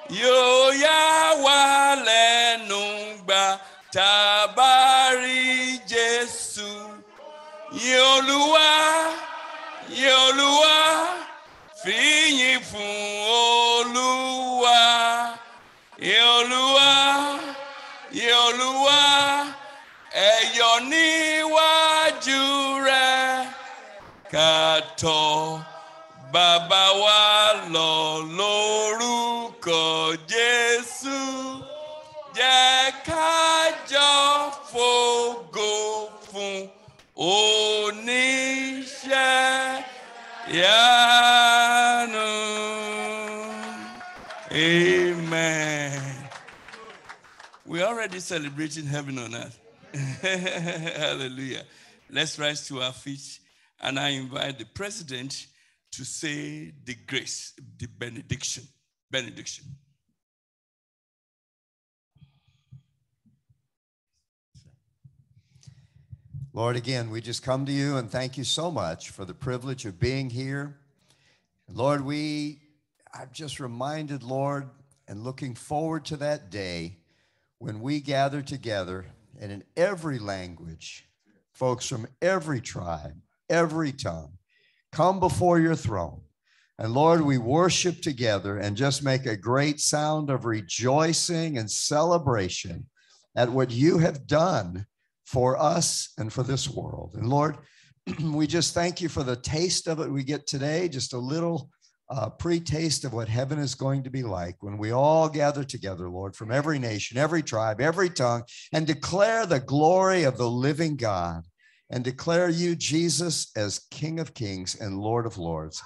yóò yá wa lẹ́nu gbà tábàárí Jésù yìn Olúwa yìn Olúwa fìyìn fún Olúwa yìn Olúwa yìn Olúwa níwájú rẹ̀ ká bàbá wa lọ lọ. celebrating heaven on earth. Hallelujah. Let's rise to our feet and I invite the president to say the grace, the benediction. Benediction. Lord, again, we just come to you and thank you so much for the privilege of being here. Lord, we, I'm just reminded, Lord, and looking forward to that day when we gather together and in every language, folks from every tribe, every tongue, come before your throne. And Lord, we worship together and just make a great sound of rejoicing and celebration at what you have done for us and for this world. And Lord, we just thank you for the taste of it we get today, just a little uh, pre-taste of what heaven is going to be like when we all gather together, Lord, from every nation, every tribe, every tongue, and declare the glory of the living God and declare you, Jesus, as King of kings and Lord of lords.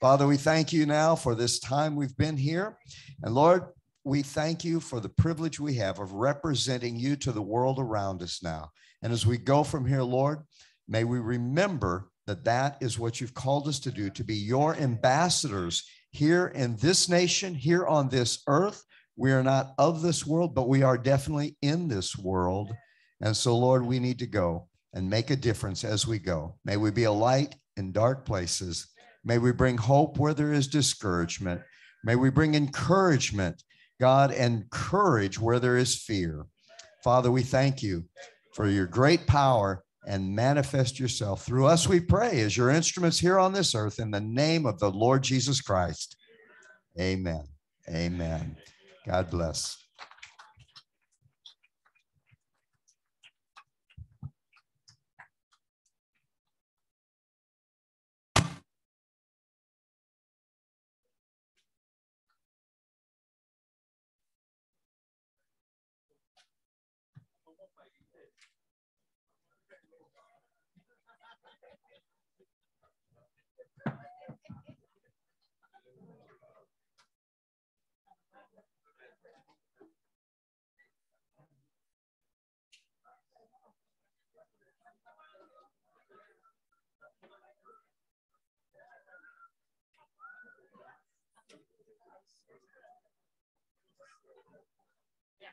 Father, we thank you now for this time we've been here. And Lord, we thank you for the privilege we have of representing you to the world around us now. And as we go from here, Lord, may we remember that that is what you've called us to do to be your ambassadors here in this nation here on this earth we are not of this world but we are definitely in this world and so lord we need to go and make a difference as we go may we be a light in dark places may we bring hope where there is discouragement may we bring encouragement god and courage where there is fear father we thank you for your great power and manifest yourself through us, we pray, as your instruments here on this earth, in the name of the Lord Jesus Christ. Amen. Amen. God bless. Yeah.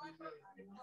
Obrigado.